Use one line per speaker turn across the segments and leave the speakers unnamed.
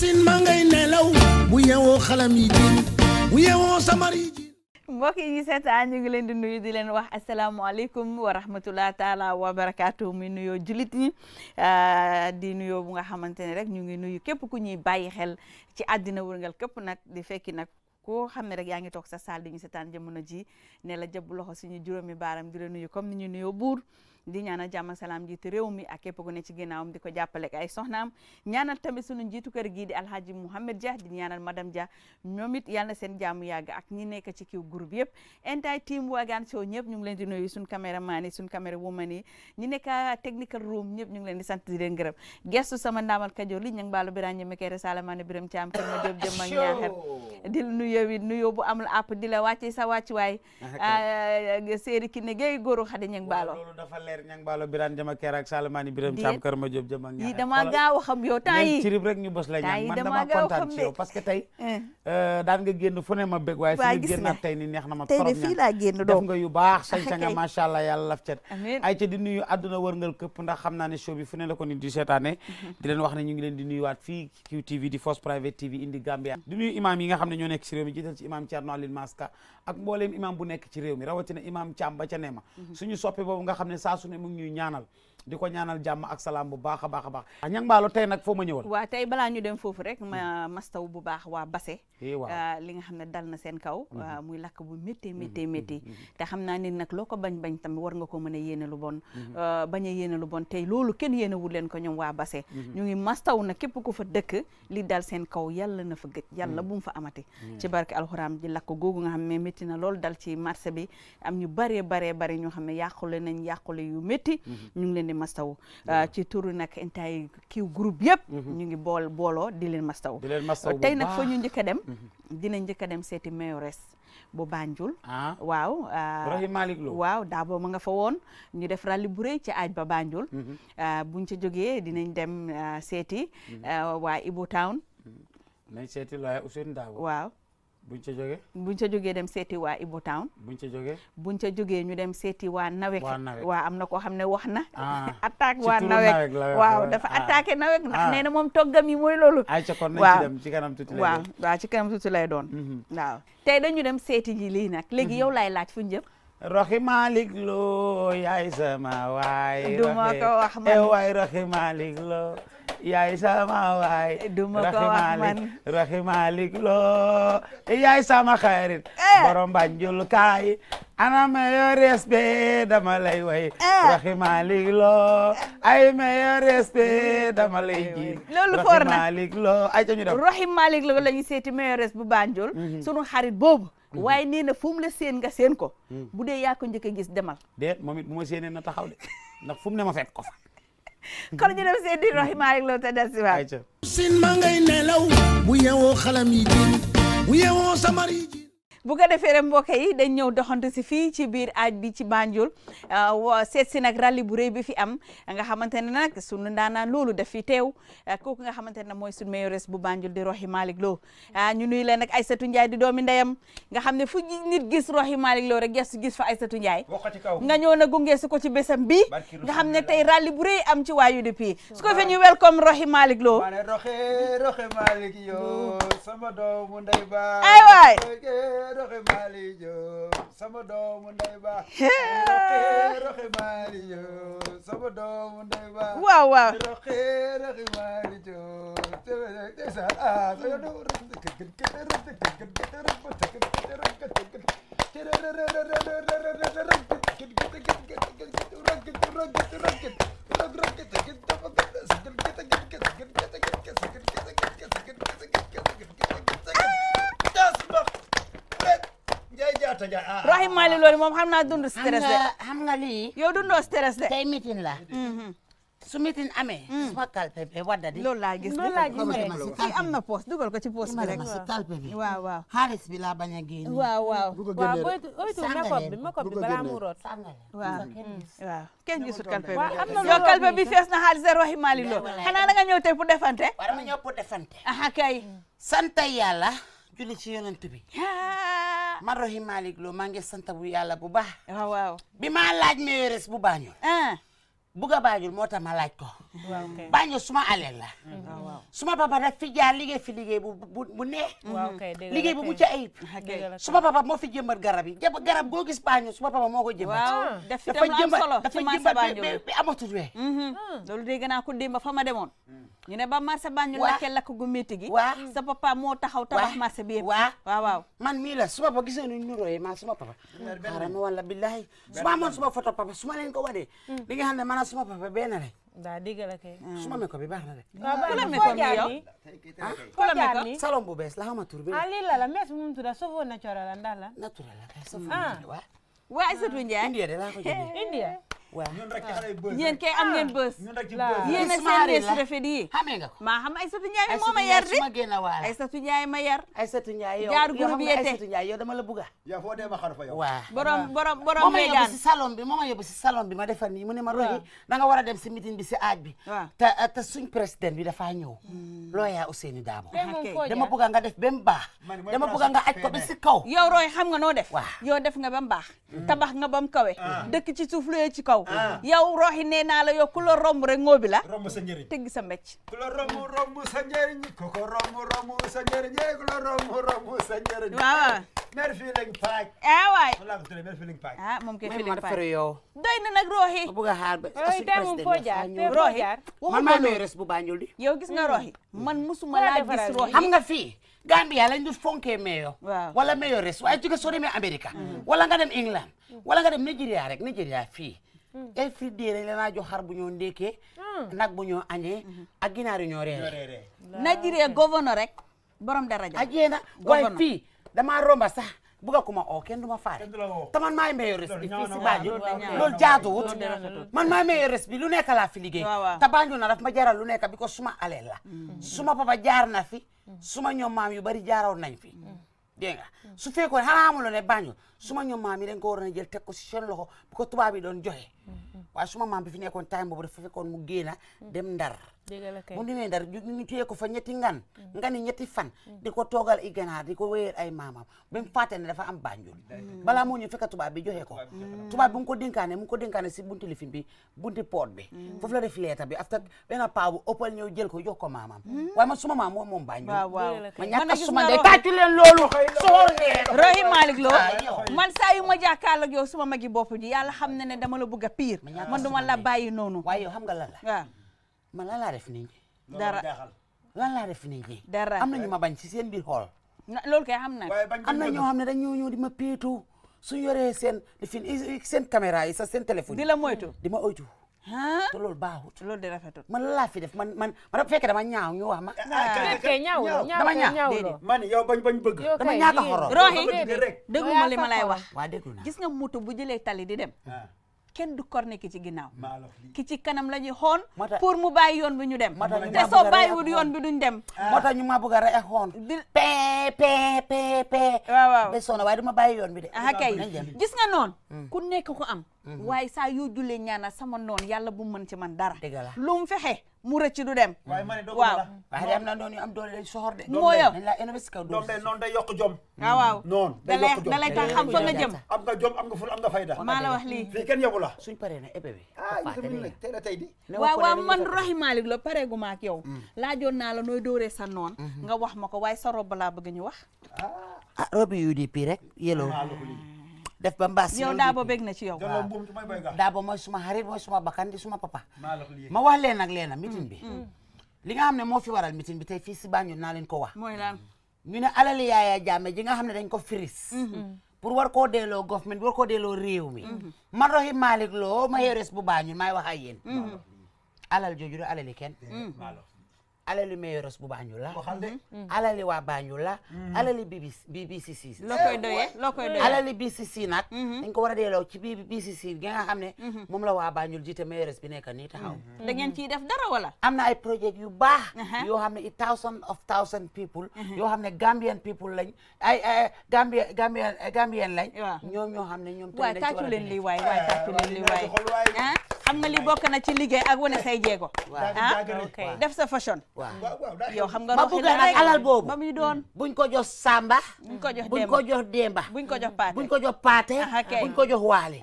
sin ma ngay nelaw bu yewoo xalam yi jiin bu yewoo samar yi jiin
mbokk yi ñu seetaan ñu ngi leen di nuyu di leen wax asalaamaaleykum wa rahmatullah taala wa barakaatu muy nuyoo jullit ñi ah, di nuyoo bu nga xamante ne rek ñu ngi nuyu képp ku ñuy bàyyi xel ci addina wërngal képp nag di fekki nag ko xam ne rek yaa ngi toog sa saal di ñu seetaan jamono ji ne la jëb loxo suñu juróomi baaram di la nuyu comme ni ñu nuyoo buur di ñaanal jàmm salaam jiitu réew mi ak képp ku ne ci ginnaawam di ko jàppale ak ay soxnaam ñaanal tamit sunu njiitu kër gii di alhaji Mouhamed Dia di ñaanal madame ja ñoom it yàlla na seen jàmm yàgg ak ñi nekk ci kiw groupe yëpp entire team Wagan Show ñëpp ñu ngi leen di nuyu suñu caméraman yi suñu caméra woman yi ñi nekk technical room leen di sant di leen gërëm gestu sama ndaamal kajoor li ñu ngi baalu biraan ñeme kere salamaane biram caam kër nuyoo wi nuyoo bu amul àpp di la wàcce sa wàcc waay ah, séeri ki ne géey góoru xadi ñu ngi baaloo Ker
ñang Baalo Birane Jama Ker ak Salamani Biram Sam Kër ma Diop Jama Ñaar. yi dama gaaw
xam yow temps yi
rek ñu bës la ñaan eh. euh, ma bég waaye fi génn ak tey ni neex na ma trop ñaan def nga yu baax sañsa nga macha allah yàlla laf cet ay ca di nuyu àdduna wërngal këpp ndax xam naa ne show bi ko ni di seetaane mhm. di leen wax ne ñu ngi leen di nuyuwaat fii QTV di Force Private TV indi Gambia di nuyu imam yi nga xam ne ñoo nekk ci réew mi jiital ci ak mbooleem imam bu nekk ci réew mi rawatina imam Thiam ba ca Neema mhm. suñu soppe boobu nga xam ne saa su ne di ko ñaanal jàmm ak salaam bu baax a baax a baax ñang ah, mbaalo tey nag foo ma ñëwal
waaw tey balaa ñu dem foofu rek ma hmm. mastaw bu baax waa Basse eh, ah, li nga xam ne dal na seen kaw hmm. ah, muy lakk bu métti hmm. métti métti te xam naa ne nag loo ko bañ bañ tamit war nga ko mën a yéene lu bon bañ a yéene lu tey loolu kenn yéene wul leen ko ñoom waa base ñu ngi mastaw na képp ku fa dëkk li dal seen kaw yalla na fa gëj yàlla bu mu fa amati ci barke alxuraam ji lakk googu nga xam ne métti na loolu dal ci marché bi am ñu baree bare bari ñoo xam ne yàqule nañ yàqule yu métti di mastaw ah, ci turu nag entire kiw groupe yëpp mhm. ñu ngi bool booloo di leen mastaw tey nag foo ñu njëkk dem mhm. dina njëkk a dem seeti mayoress bu Banjul ah. waaw ah. Rahim Malick Lo waaw daa boo ma nga fa woon ñu def rali bu rëy ci aaj ba Banjul mhm. buñ ca jógee dinañ dem seeti waa Ibo Town
seeti looya Ousseynou Dabo buñ ca jógee
buñ ca jógee dem seeti waa Ibo Town buñ ca jógee buñ ca jógee ñu dem seeti waa nawek waa am na koo xam ne wax na ah. attaque waa nawek waaw dafa ah. attaqué nawek ndax ah. nee na moom toggam yi mooy loolu ay ca kon nañ ci dem ci kanam tuuti lay waaw waaw ci kanam tuuti lay doon mhm. waaw tey dañu dem seeti ji lii nag léegi mhm. yow laay laaj fuñ jëm
roxi malik loo yaay sama waay roxi malik loo yaay sama waay. Eh, duma ko wax man raxi Malik loo eh, yaay sama xarit. Eh. borom Banjul kaay. ana meilleur respect dama lay way. raxi Malik
loo ay meilleur respect dama lay ji. loolu for na raxi Malik loo ay ca ñu dem. raxi Malik seeti meilleur respect bu Banjul. Mhm. sunu xarit boobu. Mhm. waaye nee na fu la seen nga seen ko. Mhm. bu dee yaa ko njëkk a gis demal. de moom it bu ma seenee na taxaw de ndax fu ne ma fekk ko kon ñu dem seen di Rahima rek loolu te del si waat sin ma ngay nelaw bu yeewoo xalam yi jiin bu yeewoo samar yi jiin bu ko defee rek mbokk yi dañ ñëw doxantu si fii ci biir aaj bi ci Banjul euh, seet si nag rali bu rëy bi fi am nga xamante ne nag sunu ndaanaan loolu daf fi teew euh, kooku nga xamante ne mooy sunu mayoress bu Banjul di Rohey Malick Lowe euh, ñu nuyu la nag Aysatu Njaay di doomi ndeyam nga xam ne fu nit gis Rohey Malick Lowe rek gestu gis fa Aysatu Njaay nga ñëw na gunge su ko ci bésam bi nga xam ne tey rali bu rëy am ci waa UDP su ko fe ñu welcome Rohey Malick Lowe Rohey
Malick yo
sama doomu ndey ba ay waay roxe Mali Diop
sama doomu ndey ba roxe Mali Diop Ah, ah, Rahim ah,
Mali loolu moom xam naa dund stress de. xam nga lii. yow stress de. la. Mhm. Mm. ma kalpe bi wadda di. loolu laa gis loolu laa gis am na poos dugal ko ci poos bi rek. ma si kalpe bi waaw waaw. xaalis bi laa bañ a génne. waaw waaw waaw booytu booytu makop bi makop bi balaa mu root.
waaw waaw
kenn gisut kalpe bi. am na yow kalpe bi fees na xaalis de Rahim Mali loolu. xanaa da nga ñëw tey pour defante. war ma
julli ci yonent bi ma Rohim Malick Lo maa ngi sant bu yàlla bu baax waaw bi maa laaj mayoress bu Banjul buga Banjul moo tax ma laaj ko
Banjul suma aleel la mm.
suma papa daf fi jaar liggéey fi liggéey bu bu ne mm. liggéey bu mucc ayib suma papa moo fi jëmbat garab
yi garab goo gis Banjul
suma papa moo ko jëmbat ah. dafa jëmbat dafa bi amatul
wee mm-hmm. ah. loolu dégg naa ko démb fa ma demoon mm. ñu ne ba marché ba ñu lakkee lakk gu métti gi waaw sa papa moo taxaw tabax marché bi waa waaw waaw man mii la su papa gisee nuñ nuróoyee maa
suma papa xaaral ma wala billahi su ma amoon suma photo papa su ma ko wadee mm. di nga xam ne maanaam suma papa benn rek
daa dégg la kay mm. suma meko
bi baax na de kula meko bi yow ah? kula meko bu bees la ma tur bi ali
ah, la la mes mu tudda sofo naturel la ndax la
ah. India de laa ko jëlee India
waaw ñun rek ci xale uh, bës yéen eh? kay am ngeen ah.
bës ñun rek ci bës yéen ak seen bës rafet yi xamee nga ko maa xam Aysatu Njaay moo ma yar di Aysatu Njaay ma yar Aysatu Njaay yow jaar groupe yete Aysatu Njaay yow dama la buga yow foo dee ma
xar fa yow waaw borom borom borom meegaan mooma yóbbu si salon bi mooma yóbbu si salon bi ma defar nii mu ne ma royi da nga war dem si meeting bi si aaj bi te te eh, suñ président bi dafaa ñëw hmm. looyaa Ousseynou Dabo
dama buga nga def ba mu baax dama buga nga aj ko ba si kaw yow roy xam nga noo def yow def nga ba baax hmm. tabax nga ba mu kawe ah. ci suuf looyee ci kaw yow yow rohi nee la yow ku la romb rek ngobi la romb sa njëriñ tëgg sa mbécc
ku la romb romb sa njëriñ ku ko romb romb sa njëriñ ku la romb romb sa njëriñ waaw mer feeling pack ah
way wala ko tele mer feeling pack ah mom ke feeling pack yow doy na nag bu ga xaar ba roxi demum foo jaar man ma may res bu bañul di yow gis nga hmm. rohi man musuma la gis rohi xam nga
fi Gambia lañ du fonké meyo wala meyo res waaye jóge soo demee America hmm. wala nga dem England hmm. wala nga dem Nigeria rek Nigeria fi Mm. elfrid de dañ la jox xar bu ñoo ndékkee mm. nag bu ñoo añee mm-hmm. ak ginaar yu ñoo reere na jiree gouverneur rek borom daraja ajeena waaye fii damaa romba sax buga kuma oo kenn du ma faale taman maay meilleur res bi fii si Banjul loolu jaaduwut man maay meilleur res bi lu nekk laa fi liggéey te Banjul na daf ma jaral lu nekka bi ko suma aleel la mm-hmm. suma papa jaar na fi mm-hmm. suma ño maam yu bari jaaraw nañ fi dégg nga su fekkoon xanaa amuloo ne Banjul suma ñoom maam yi dañ ko waroon a jël teg ko si seen loxo bi ko tubaab yi doon joxe Mm-hmm. waaye suma maam bi fi nekkoon time boobu dafa fekkoon mu génna mm-hmm. dem ndar mu demee ndar ñu tuyee ko fa ñetti ngan mm-hmm. ngani ñetti fan di ko i ganaar di ko wéyal ay maamam ba mu fàtte ne dafa am banjul balaa moo ñu fekk tubaab bi joxe ko tubaab bi mu ko dénkaane mu ko dénkaane
loo ah, man saa yu ma jàkkaarloo ak suma magi bopp ji yàlla xam ne ne dama la bëgg pire man duma la bàyyi noonu waaye yow xam nga lan la waaw
man lan laa def nii dara lan laa def nii dara am na ñu ma bañ si seen biir xool
loolu kay xam na am na ñoo xam ne
dañoo ñëw di ma péetoo su yoree seen lifin seen caméra yi sax seen téléphone di la moytu di ma oytu te loolu baaxut loolu de rafetul man laa fi def man man man fekke dama ñaaw ñu wax ma ah,
ñaaw dama ñaaw
man yow bañ bañ bëgg dama ñaaka xoro roxi dégguma li ma lay wax
waa déglu naa gis nga moto bu jëlee tali di dem ah. kenn du korne ki ci ginnaaw ki ci kanam la ñuy xoon pour mu bàyyi yoon bi ñu dem te soo bàyyiwul yoon bi duñ dem ah. moo tax ñu ma bëgg a rey ak xoon pe pe pe pe waaw waaw ba sona waaye du ma bàyyi yoon bi de ah kay gis nga noonu hmm. ku nekk ko am Mhm. waaye saa yoo jullee ñaana sama noon yàlla bum mën ci man dara. lu mu fexe mu rëcc du dem. waaye ma ne doomu la am na noonu yu am doole day soxor de. moo
kaw doole doom noonu da yokk jom. ah waaw
noonu day yokk jom da lay nga jëm.
am nga jom am nga ful am nga fayda. maa la wax lii fii kenn suñ paree na épée bi. ah yéen tamit
nag la tey di. waaw waaw man Rohy Malick la pareegu ma yow. Mm. laajoon naa la nooy dóoree sa noon. Mm-hmm. nga wax ma ko waaye sa robe laa bëgg ñu wax. ah,
ah robe UDP rek yeloo def ba mbaas yow Dabo bég
na ci yow Dabo mooy suma xarit mooy suma bakkan di suma papa
ma wax leen nag leena meeting bi mm, mm. li nga xam ne moo fi waral meeting bi tey fii si Banjul naa leen ko wax mooy lan ñu ne alali Yaya Jammeh ji nga xam ne dañ ko firis mm, pour war koo delloo government war koo delloo réew mi ma roxi Malick Lo ma yeres bu Banjul maay wax ak yéen alal jooju do alali kenn alali Meyoros bu Banjul la. Mm-hmm. alali waa Banjul la. Mm-hmm. alali BBC BBC. Eh, loo koy doyee loo koy doyee ko war a delloo ci BBC gi nga xam ne. Mm-hmm. moom la waa Banjul jiite Meyoros bi nekk nii
taxaw. da
ngeen ciy def dara wala. am na ay projets yu baax. Uh-huh. yoo xam ne i thousand of thousand people. Uh-huh. yoo xam ne Gambian people lañ ay Gambien Gambien Gambien lañ. waaw
ñoom ñoo xam ne ñoom. tamit dañ ci war a leen lii eh, ah, nga li bokk na ci liggéey ak wane say jéego. Ah, waaw ah def sa fashion.
waaw
yow xam nga ma bëgg nag alal
boobu ba muy doon mm. buñ ko jox Samba buñ ko jox buñ ko jox Demba buñ ko jox Paate buñ ko jox
Paate buñ ko jox Waale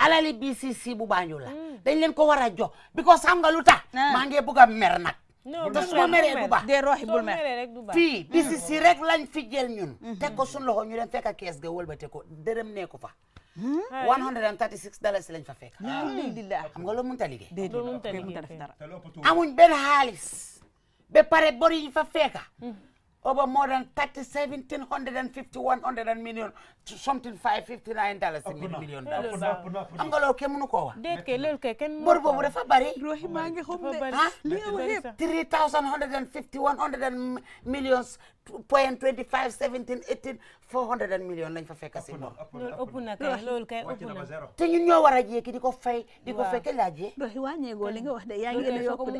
alali bi si si bu Banjul la mm. dañ leen ko war a jox because xam nga lu tax ah. maa ngi bëgg a mer nag
te su ma meree du baax de roxi bul mer fii bi si si
rek lañ fi jël ñun mm-hmm. teg ko suñ loxo ñu dem fekk kees ga wëlbate ko dërëm nee ko fa 136 hmm? dollars lañ fa fekk alhamdulilah hmm. xam nga loolu mënut a liggéey amuñ benn xaalis be pare bor yi ñu fa fekka over more than thirty seventeen hundred and fifty one hundred and million something five fifty nine dollars million dollars am nga loolu kenn mënu koo wax déet kay loolu kay kenn bor boobu dafa bari roxi maa ngi xam ne ah li nga three thousand hundred and fifty one hundred and millions point 25 17 18 400 millions lañ fa fekk si moom.
loolu ëpp na kay loolu kay
war a jékki di ko fay. di ko fekk laajee. doy wàññeekoo li nga wax de yaa ngi gën de yokkal ba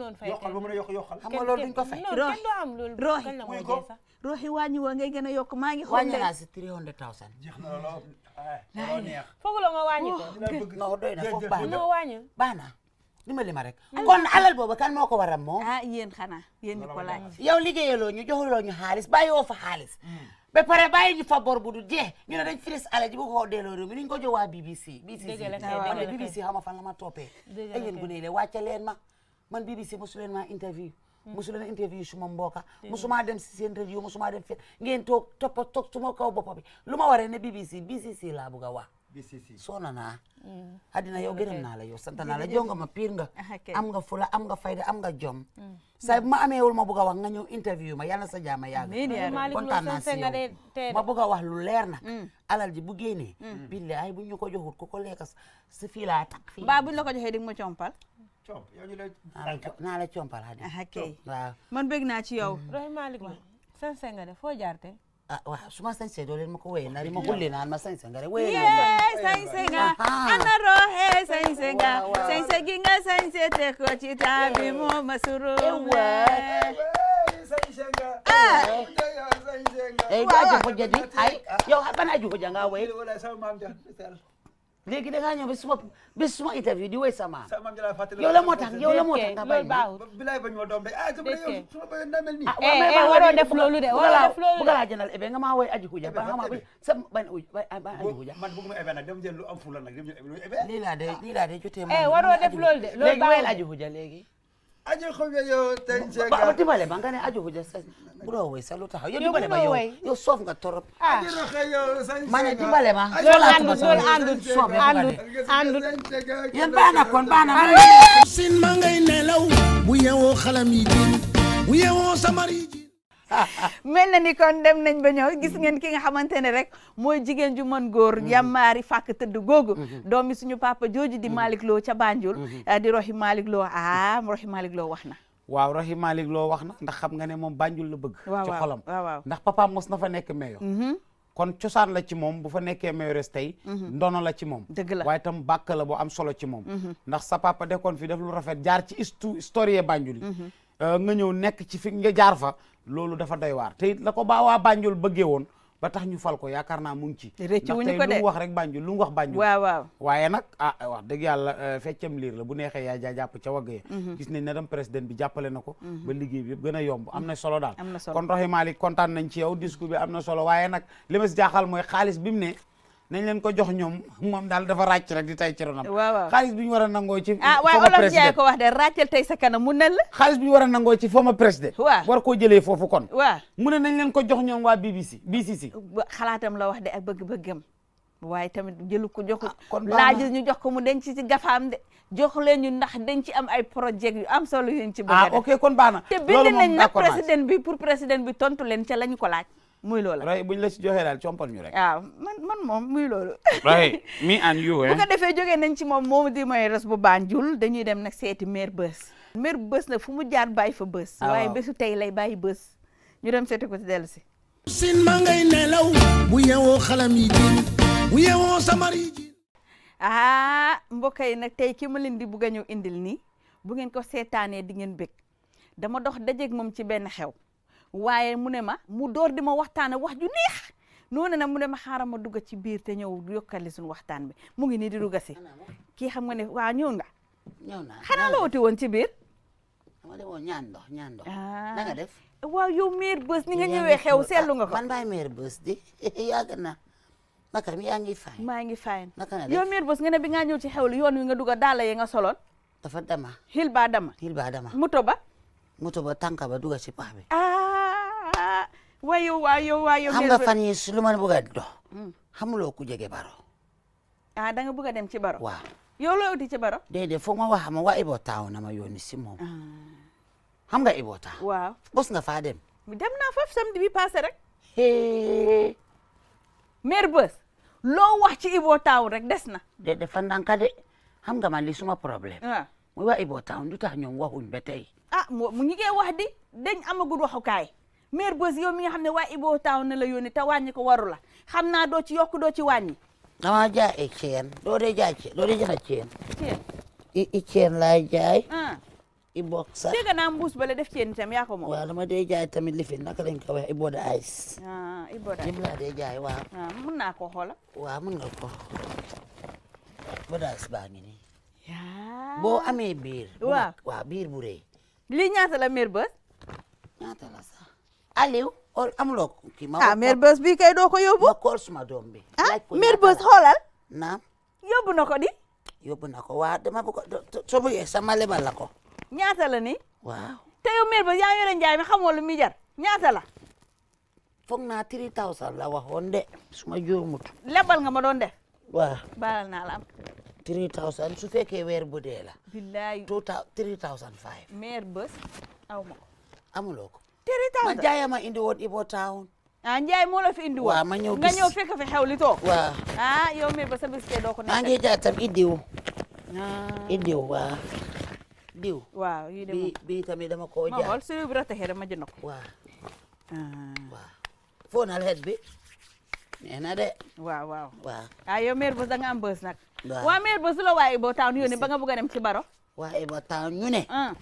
mu yokk yokkal.
xam nga loolu duñ ko fay. rooxi rooxi na loolu. Eh, foofu la nga oh, na foofu baax na baax dimbali
ma rek kon alal boobu kan moo ko waral moom ah yéen xanaa yéen ñu ko laaj yow liggéeyaloo ñu joxuloo ñu xaalis bàyyi woo fa xaalis hmm. ba pare bàyyi ñu fa bor bu du jeex ñu ne dañ firis alal ji bu ko delloo réew mi ñu ko jox waa BBC BBC man BBC xama fan la ma toppee ay yéen gu ne le wàcce leen ma man BBC mosu leen ma interview hmm. mosu ma interview suma mbooka mosuma dem si seen radio mosuma dem fi ngeen toog topp toog suma kaw bopp bi lu ma waree ne BBC BBC laa bugg a wax soona naa mm. addina yow gërëm naa la yow sant naa la jonga mm. ma piir nga am nga fula am nga fayda am nga jom say bu ma ameewul ma bëgg a wax nga ñëw interview ma yàlla sa jaama yàgg kontaan naa si yow ma bëgg a wax lu leer nag mm. alal ji bu génnee billaay bu ñu ko joxut ku ko lekkas si fii laa tak fii ba
bu ñu la ko joxee di ma compal comp yow ñu la
naa la compal addina waaw man bëgg naa ci yow
roy Malick
de foo jaarte
Su ma san sai dole sí, sí, na sí, sí, na sí, sí, sangare sí, sí,
sí, ana rohe sí, sí, sí, se te ko sí, bi sí,
sí, sí, ah sí,
sí, sí, sí,
sí, sí, léegi da ngaa ñëw ba suma ba suma interview di woy sama yow la moo tax yow la moo tax nga bàyyi bilaay bañ ma doom day ah suma bayoon daa mel nii ah waroo def loolu de waroo def loolu de bu la jëndal ebe eh, nga maa woy aji huja ba nga maa bi sa ban uj ba aji huja man bëgguma ebe nag dem jël lu am fula nag dem jël ebe lii laa de lii laa de jotee ma waroo def loolu de loolu baaxul léegi woyal aji huja léegi ajo ko be yo tan je ga ba ah. dibale ba ngane ajo buja sa bro we sa lu taxaw yo dibale ba yo yo nga torop ajo ko
yo san ma ne dibale ma lool
andu lool andu soof andu andu yéen baana kon baana ma sin ma ngay
nelaw bu yeewoo xalam yi din bu yeewoo samari mel na ni kon dem nañ ba ñëw gis ngeen ki nga xamante ne rek mooy jigéen ju mën góor mm-hmm. yàmmaari fàkk tëdd googu mm-hmm. doomi suñu papa jooju di mm-hmm. Malick loo ca Banjul eh, di Rohi Malick Lo ah Rohi Malick Lo wax na
waaw Rohi Malick Lo wax na ndax xam nga ne moom Banjul la bëgg ci xolam waaw ndax papa mos na fa nekk meyo kon cosaan la ci moom bu fa nekkee mayoress tey ndono la ci moom dëgg la waaye itam bàkk la bu am solo ci moom ndax sa papa dekkoon fi def lu rafet jaar ci istu historie Banjul
eh,
nga ñëw nekk ci fi nga jaar fa loolu dafa day waar te it la ko baa waa Banjul bëggee woon ba tax ñu fal ko yaakaar naa mu ngi ci ndax tey lu mu wax rek Banjul lu mu wax Banjul waaw waaw waaye nag ah wax dëgg yàlla euh, feccam liir la bu neexee yaa jaa jàpp ca wagg mhm. gis nañ ne dem président bi jàppale na ko mhm. ba liggéey bi yëpp gën a yomb am na solo daal kon Rohey Malick kontaan nañ ci yow discours bi am na solo waaye nag li ma jaaxal mooy xaalis bi mu ne nañ leen ko jox ñoom moom daal dafa ràcc rek di tay ci ronam waaw ñu war a nangoo ci ah waaye olof Njaay ko wax de ràccal tey sa kanam mu ne la xaalis bi ñu war a nangoo ci former président waaw war koo jëlee foofu kon waaw mu ne nañ leen ko jox ñoom waa BBC BBC
xalaatam la wax de ak bëgg-bëggam waaye tamit jëlu ko jox ah, kon laajul ñu jox ko mu denc ci gafaam de jox leen ñu ndax dañ ci am ay projet yu am solo yuñ ci bëgg a ah, def ah ok kon baax na te bind nañ nag président bi pour président bi tontu leen ca lañu ko laaj muy loola ray buñ la ci
joxee dal chompal ñu rek
waaw man man mom muy loolu ray
me and you bu ko
defee joggé nañ ci mom momu di mooy res bu Banjul dañuy dem nak séti maire bës maire bës nag fu mu jaar bay fa bës waaye bésu tay lay bay bës ñu dem séti ko ci dellu si sin ma ngay nelaw bu yawo xalam yi jin bu yawo samari yi ah mbokay nak tay ki ma leen di bugg a indil ni bu ngeen ko sétané di ngeen bekk dama dox dajé ak mom ci ben xew waaye mu ma mu door di ma waxtaana wax ju neex noonu nag mu ne ma xaaral ma dugg ci biir te ñëw yokkali suñu waxtaan bi mu ngi nii di dugg si kii xam nga ne waa ñëw nga ñëw naa xanaa la wuti woon ci biir
dama demoon ñaan ndox ñaan
ndox ah. na nga def waaw yow meer bës ni nga ñëwee xew seetlu nga ko man baay meer bës di yàgg na naka yaa ngi fay maa ngi fay yow meer bës nga ne bi nga ñëw ci xew li yoon wi nga dugg daala yi nga soloon
dafa dama xil baa dama xil dama moto ba moto ba ci bi ah.
waaye waaye waaye. xam nga fan
yii lu ma la bëgg a dox. xamuloo ku jege baro.
ah da nga a dem ci baro. waaw yow loo wuti ci baro.
déedéet foog ma wax ma waa Ibo Town na ma yónni si moom. xam ah. nga Ibo Town. waaw bos nga faa dem.
dem naa foofu samedi bi passé rek. hee. mère Bës. loo wax ci Ibo Town rek des na.
déedéet fan ndanka de xam nga man li suma problème.
waaw ah. muy waa Ibo Town du tax ñoom waxuñ ba tey. ah mu ngi koy wax di dañ amagul waxukaay. maire Beuze yow mi nga xam ne waa boo Town na la yónnee te wàññi ko waru la xam naa doo ci yokk doo ci wàññi. dama jaay doo dee jaay ceen doo dee jaay ceen. ceen
i ceen laay jaay.
Ah. i bokk sax dégg naa mbuus bale def ceen itam yaa ko moom. waaw dama dee jaay tamit lifin naka lañ ko
waxee Ibo da ice.
ah da ice ah, naa ko xoola.
waaw mun nga baa ngi nii. boo amee biir.
waaw biir bu rëy. lii ñaata la maire Beuze. Aliou amuloo ko kii ma. ah mère Beus bii kay doo ko yóbbu. ma koor suma doom bi. ah mère Beus xoolal. naam. yóbbu na ko di. yóbbu na ko waaw dama bëgg soo bëggee sama lebal la ko. ñaata la ni. waaw te yow mère Beus yaa ngi yore njaay mi xamoo lu mi jar ñaata la. foog naa three thousand la waxoon de suma juumut. lebal nga ma doon def. waaw baalal naa la am.
three thousand su fekkee weer bu dee la.
billaay two three thousand five. mère Beus aw ma ko. amuloo ko. three thousand man jaay ma indi woon Ibo Town ah Ndiaye moo la fi indi woon waaw ma ñëw bis nga ñëw fekk fi xew li too waaw ah yow mii ba sa bis tee doo ko maa ngi jaay
tam indiw indiw waaw
diw waaw yi dem bi tamit dama koo jaay ma xool suñu bi rataxee dama jënd ko waaw waaw foo nal xet bi nee na de waaw waaw waaw ah yow mère bés da nga am bés nag waa mère bés la waa Ibo Town yónni ba nga bëgg a dem ci baro waa Ibo Town
ñu ne xam ah.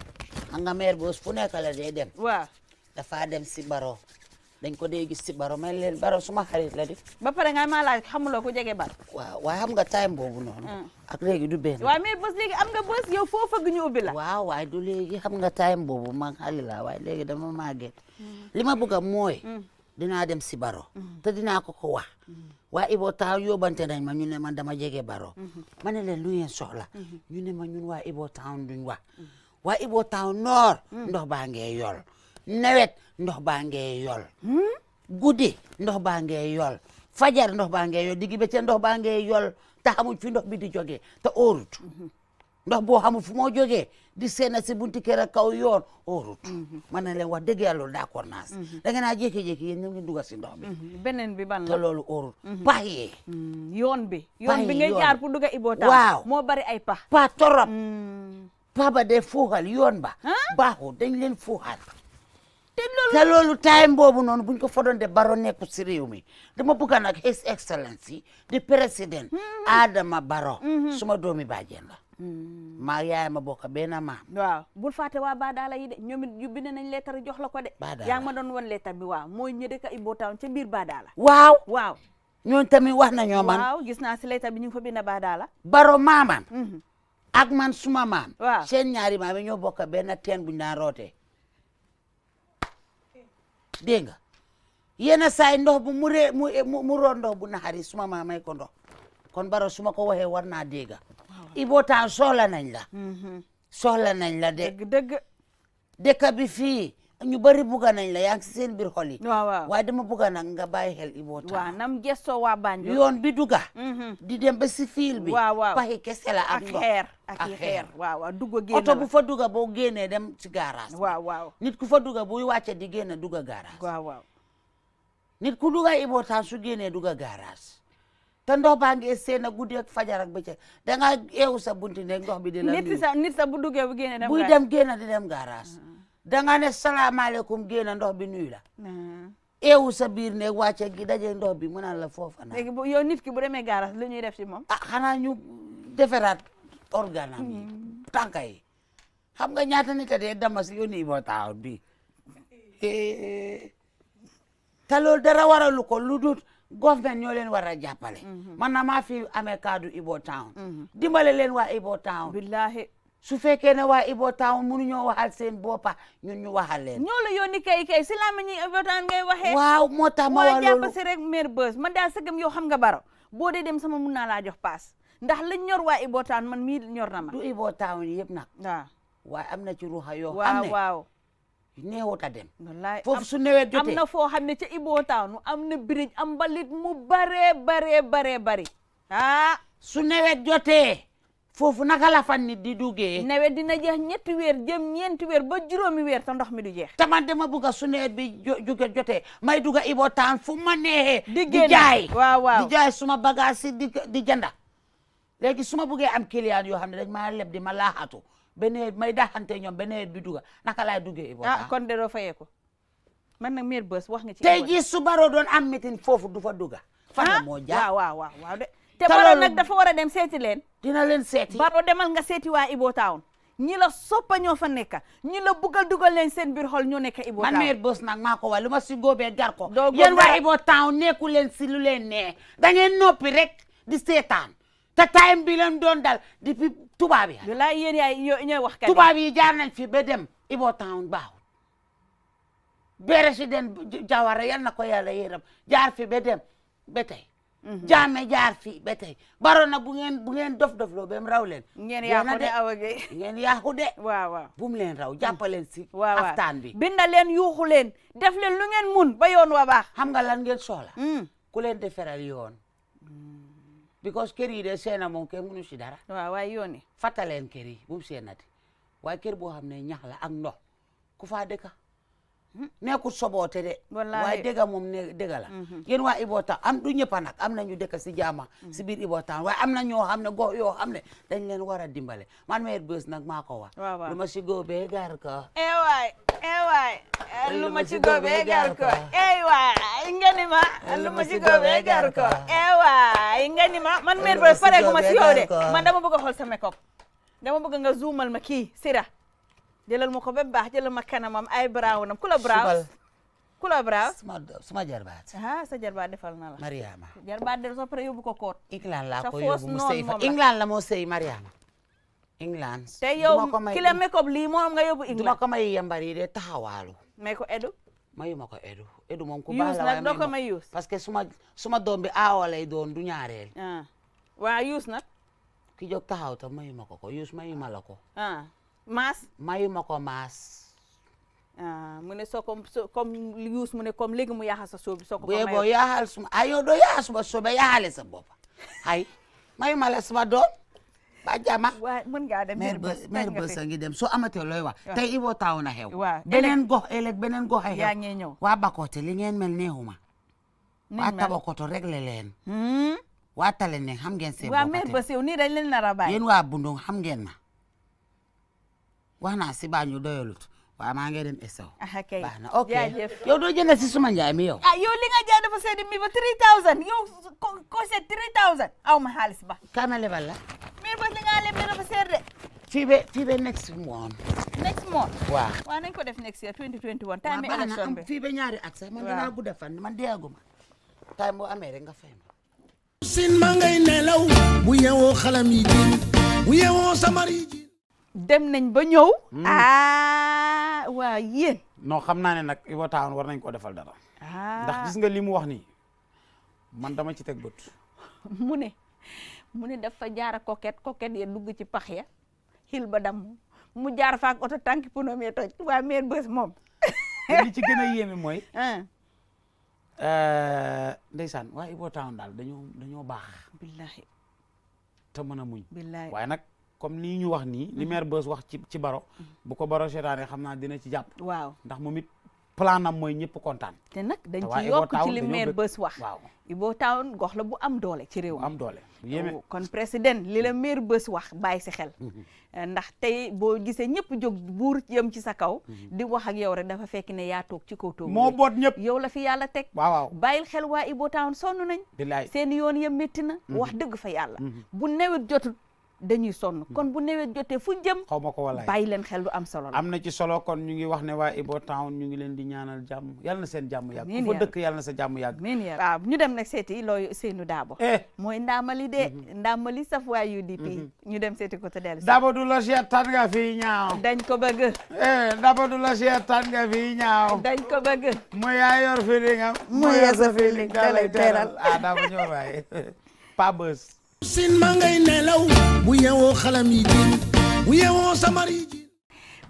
nga mère bés fu nekk la dee dem waaw dafa dem si baro dañ ko de gis si baro ma leen baro suma xarit la di
ba pare nga ma laaj xamuloo ku jege baro
waaw waaye xam nga time boobu noonu mm. ak léegi du benn waaye
mais bés léegi am nga bés yow foo fëgg ñu ubbi la waaw
waaye du léegi xam nga time boobu ma xale la waaye léegi dama màgget mm. li ma bëgg a mooy mm. dem si baro te dinaa ko ko wax waa Ibo Town yóbbante nañ ma ñu ne man dama jege baro -hmm. ma ne leen lu ngeen soxla -hmm. ñu ne ma ñun waa Ibo Town duñ wax waa Ibo Town noor ndox baa ngee yool nawet ndox baa ngee yol hmm? guddi ndox baa ngee yol fajar ndox baa ngee yol diggi ca ndox baa ngee yol te xamul fi ndox bi di joge te óorut hmm. ndox boo xamul fu moo jógee di seena si bunti kër ak kaw yoon óorut hmm. man na leen wax dëgg yàlla loolu d'accord naa si da naa jékki-jékki yéen ñoo ngi dugal si ndox bi
beneen bi ban la loolu
óorut pax yoon bi yoon bi ngay jaar
pour dugga Ibo Town waaw moo bari ay pax
pax torop pax ba dee fuuxal yoon ba baaxul dañ leen fuuxal te loolu time boobu noonu buñ ko fa doon def Barrow nekkul si réew mi dama bëgg nag his excellency di président hmm. Adama Barrow hmm. suma doomi bàjjen la hmm. maa yaay ma bokk benn maam
waaw bul fàtte waa baadaala yi de ñoom it yu bind nañ leetar jox la ko de yaa ngi ma doon won leetar bi waaw mooy ñi dëkk Ibo Town ca biir baadaala waaw waaw
ñooñu tamit wax nañoo man
gis naa si leetar bi ñu ngi fa bind baadaala
Barrow maamam ak man suma maam
seen ñaari maam
yi ñoo bokk benn teen buñ daan rootee dégg nga yenn saay ndox bu mu ree mu mu roon ndox bu naxari suma maa ko ndox kon baro suma ko waxee war naa dégg Ibo Town soxla nañ la mhm. soxla nañ la de dëgg dëkk bi fii ñu bari bugga nañ la yaa ngi seen biir xol yi. waaw waaw waaye dama nga bàyyi xel Iboo Town. waaw nam yoon bi dugga. Mm-hmm. di dem ba si fiil bi. waaw waaw paxi kese la ak oto bu fa dugga boo génnee dem ci garage. waaw waaw nit ku fa dugga buy wàcce di génne dugga garage. nit ku dugga Iboo Town su génnee dugga garage. te ndox baa ngi seen a guddi ak fajar ak bëccëg da nga sa bunti ne ndox bi di la. dem garage di dem garage. Mm-hmm. danga ne salaamaaleykum génn ndox bi nuyu la. Ah. eewu sa biir ne wàcce gi daje ndox bi mu naan la foofa na.
léegi bu yow nit ki bu demee garage lu ñuy def ci moom. ah xanaa ñu deferaat organe am yi hmm. tànka yi
xam nga ñaata nit a si yoo yónni boo taaw bi eh, te loolu dara waralu ko lu dul government ñoo leen war a jàppale. Hmm. man na maa fi amee kaddu Ibo di hmm. dimbale leen waa Ibo Town. su fekke ne waa Ibo
Town mënuñoo waxal seen boppa ñun ñu waxal leen. ñoo la yónni kay kay si laa ñi Ibo Town ngay waxee. waaw moo tax ma wax loolu man daal sëgam yow xam nga baro boo dee dem sama mun naa laa jox paas ndax lañ ñor waa Ibo man mii ñor na ma. du Ibo Town yëpp nag. waaw waaye am na ci ruuxa yoo. waaw waaw neewut a su newee jotee am na foo xam ne ca Ibo Town am na birij am mbalit mu baree baree bare bari ah. su newee jotee. foofu naka la fan nit di duggee. nawet dina jeex ñetti weer jëm ñeenti weer ba juróomi weer ta ndox mi du jeex. ta man dama ma bugga su nawet bi jo jotee
may dugg a Ibo Town fu ma neexee. di jaay waaw waaw di jaay suma bagage di di jënda. léegi su ma buggee am client yoo xam ne dañ ma leb di ma laaxaatu ba nawet may daxante
ñoom ba nawet bi dugga naka laay duggee Ibo ah kon de fayee ko man nag meer bës wax nga ci. tey jii
su baroo doon am meeting foofu du fa dugga. Fada ah, moo
jaar te Baro nag dafa war a dem seeti leen dina leen seeti Baro demal nga seeti waa Ibo Town ñi la soppa ñoo fa nekk ñi la buggal dugal leen seen biir xol ñoo nekk Ibo Town man meer ma si góobee
gar ko yéen waa Ibo Town nekku leen si lu leen nee da ngeen noppi rek di seetaan te time bi leen doon dal depuis tubaab yi wala yéen yaay ñooy wax kat tubaab yi jaar nañ fi ba dem Ibo Town baaxul ba président na ko yàlla yéram jaar fi ba ba tey. Mhm. jaame jaar fi ba tey baro na bu ngeen bu ngeen dof dof loo bem raw leen. ngeen yaaku de
awa gay ngeen yaaku de.
bu leen raw jàppaleen si. waaw waaw aftaan bi binda leen yuuxu leen def leen lu ngeen mun ba yoon wa baax. xam nga lan ngeen sola mm. ku leen defaral yoon. because kër yi de seena moom kenn mënu si dara. waaw waaye yooni. fàttaleen kër yi bu mu seenati waaye kër boo xam ne ñax la ak ndox ku faa dëkka Hmm? nekkul soboote de. wallaahi waaye dëgg moom ne dëgg la. Mhm. yéen waa Ibota am du ñëpp am na ñu dëkk si jaama. Mhm. si biir Ibota waaye am na ñoo xam ne gox yoo xam ne dañ leen war a dimbale man meer bés nag maa ko wax. waaw waaw ma si góobee gar ko. eh ma si
nga ni ma. lu ma si góobee gar ko eh nga ni ma man meer bés pareegu ma si yow man dama bëgg a xool sa make up dama bëgg nga zoomal ma kii Sira. jëlal ma ko ba baax jëlal ma kanamam ay braawunam ku la braaw ku la braaw suma suma jarbaat ah sa jarbaat defal na la Mariama jarbaat de so pare yóbbu ko koot England la
moo sëy Mariama England te yow ki la make lii moom nga yóbbu England duma ko may yambari de taxawaalu may ko edu mayuma ko edu edu moom ku baax ko may use parce que suma suma doom bi aawa lay doon du ñaareel
ah. waa use nag ki jóg mayuma ko ko use mayuma la ko ah. maas mayu ma ko maas. Ah, mu ne soo ko soo comme yuus mu ne comme léegi mu yaaxal sa soobi soo ko. bu yeboo yaaxal
suma ay yow doo yaaxal sa bopp ay ma la suma doon ba jama. waaw mën ngaa dem mère Beuss mère Beuss dem soo amatee looy wax. waaw tey Ibo Town na xew. waaw beneen gox benen beneen gox ay xew. yaa ngi ñëw waa Bakote li ngeen mel neexuma. ni waa Tabakoto réglé leen. Hmm? waa Tallinn xam ngeen seen. bopp tey waaw mère Beuss
yow nii dañ leen nar a bàyyi. yéen
waa Bundung xam ngeen na. wax naa si baa ñu doyalut waaw maa ngi dem Esau.
ah kay baax na ok yow
doo jënd si suma njaay mi yow.
ah yow li nga jaay mi ba 3000 yow ko ko seet 3000 aw ma xaalis ba. kaana lebal la. mi ba li nga leb dafa de.
fii be fii be next month. next month. waaw
waaw ko def next year 2021. time fii be ñaari at sax man dinaa
gudd fan man deeguma time boo amee rek nga fay ma. sin ma ngay nelaw. bu yeewoo xalam yi jiin bu yeewoo samar dem nañ ba hmm. ah
wa yéen.
no xam naa ne nak Ibo Town war nañ ko defal dara.
Ah. ndax gis nga
limu wax ni man dama ci tek bot
mu ne mu dafa jaara koket coquette coquette ya dugg ci pax ya hil ba dam mu jaar ak auto tanki puno me toj wa meen beus mom
li ci gëna a moy ah. euh ndaysan wa Ibo Town dal dañu dañu bax billahi ta mën muñ. billahi waaye nak comme nii ñu wax nii li mhm. maire wax ci ci baro mhm. bu ko baro seetaane xam naa dina ci jàpp waaw ndax moom it plan am mooy ñëpp kontaan te nag dañ ci yokk ci li maire wax
waaw Ibo Town gox la bu am doole ci réew mi am doole yéeme oh, kon président li la maire Beus wax bàyyi si xel mhm. eh, ndax tey boo gisee ñëpp jóg buur yëm ci sa kaw di wax ak yow rek dafa fekk ne yaa toog ci kaw toog moo boot ñëpp yow la fi yàlla teg waaw waaw bàyyil xel waa Ibo sonn nañ bilaay seen yoon ya métti na wax dëgg fa yàlla bu nawet jotul dañuy sonn hmm. kon bu nawet jotee fu jëm xaw ma ko walaay bàyyi leen xel lu am solo
am na ci solo kon ñu ngi wax ne waa Ibo Town ñu ngi leen di ñaanal jàmm yal na seen jàmm yàgg ku fa dëkk
yal sa jàmm yàgg waaw ñu dem nag seeti looy seenu daabo eh. mooy ndaamali de mm-hmm. ndaamali saf waa UDP mm-hmm. ñu dem seeti ko te dellu Dabo du la dañ ko
bëgg eh, Dabo du la seetaan nga fii ñaaw dañ ko bëgg mu yaa yor fi mu yaa sa fi li nga lay teral ah Dabo sin
ma ngay nelaw bu yewoo xalam yi jiin bu yewoo samar yi jiin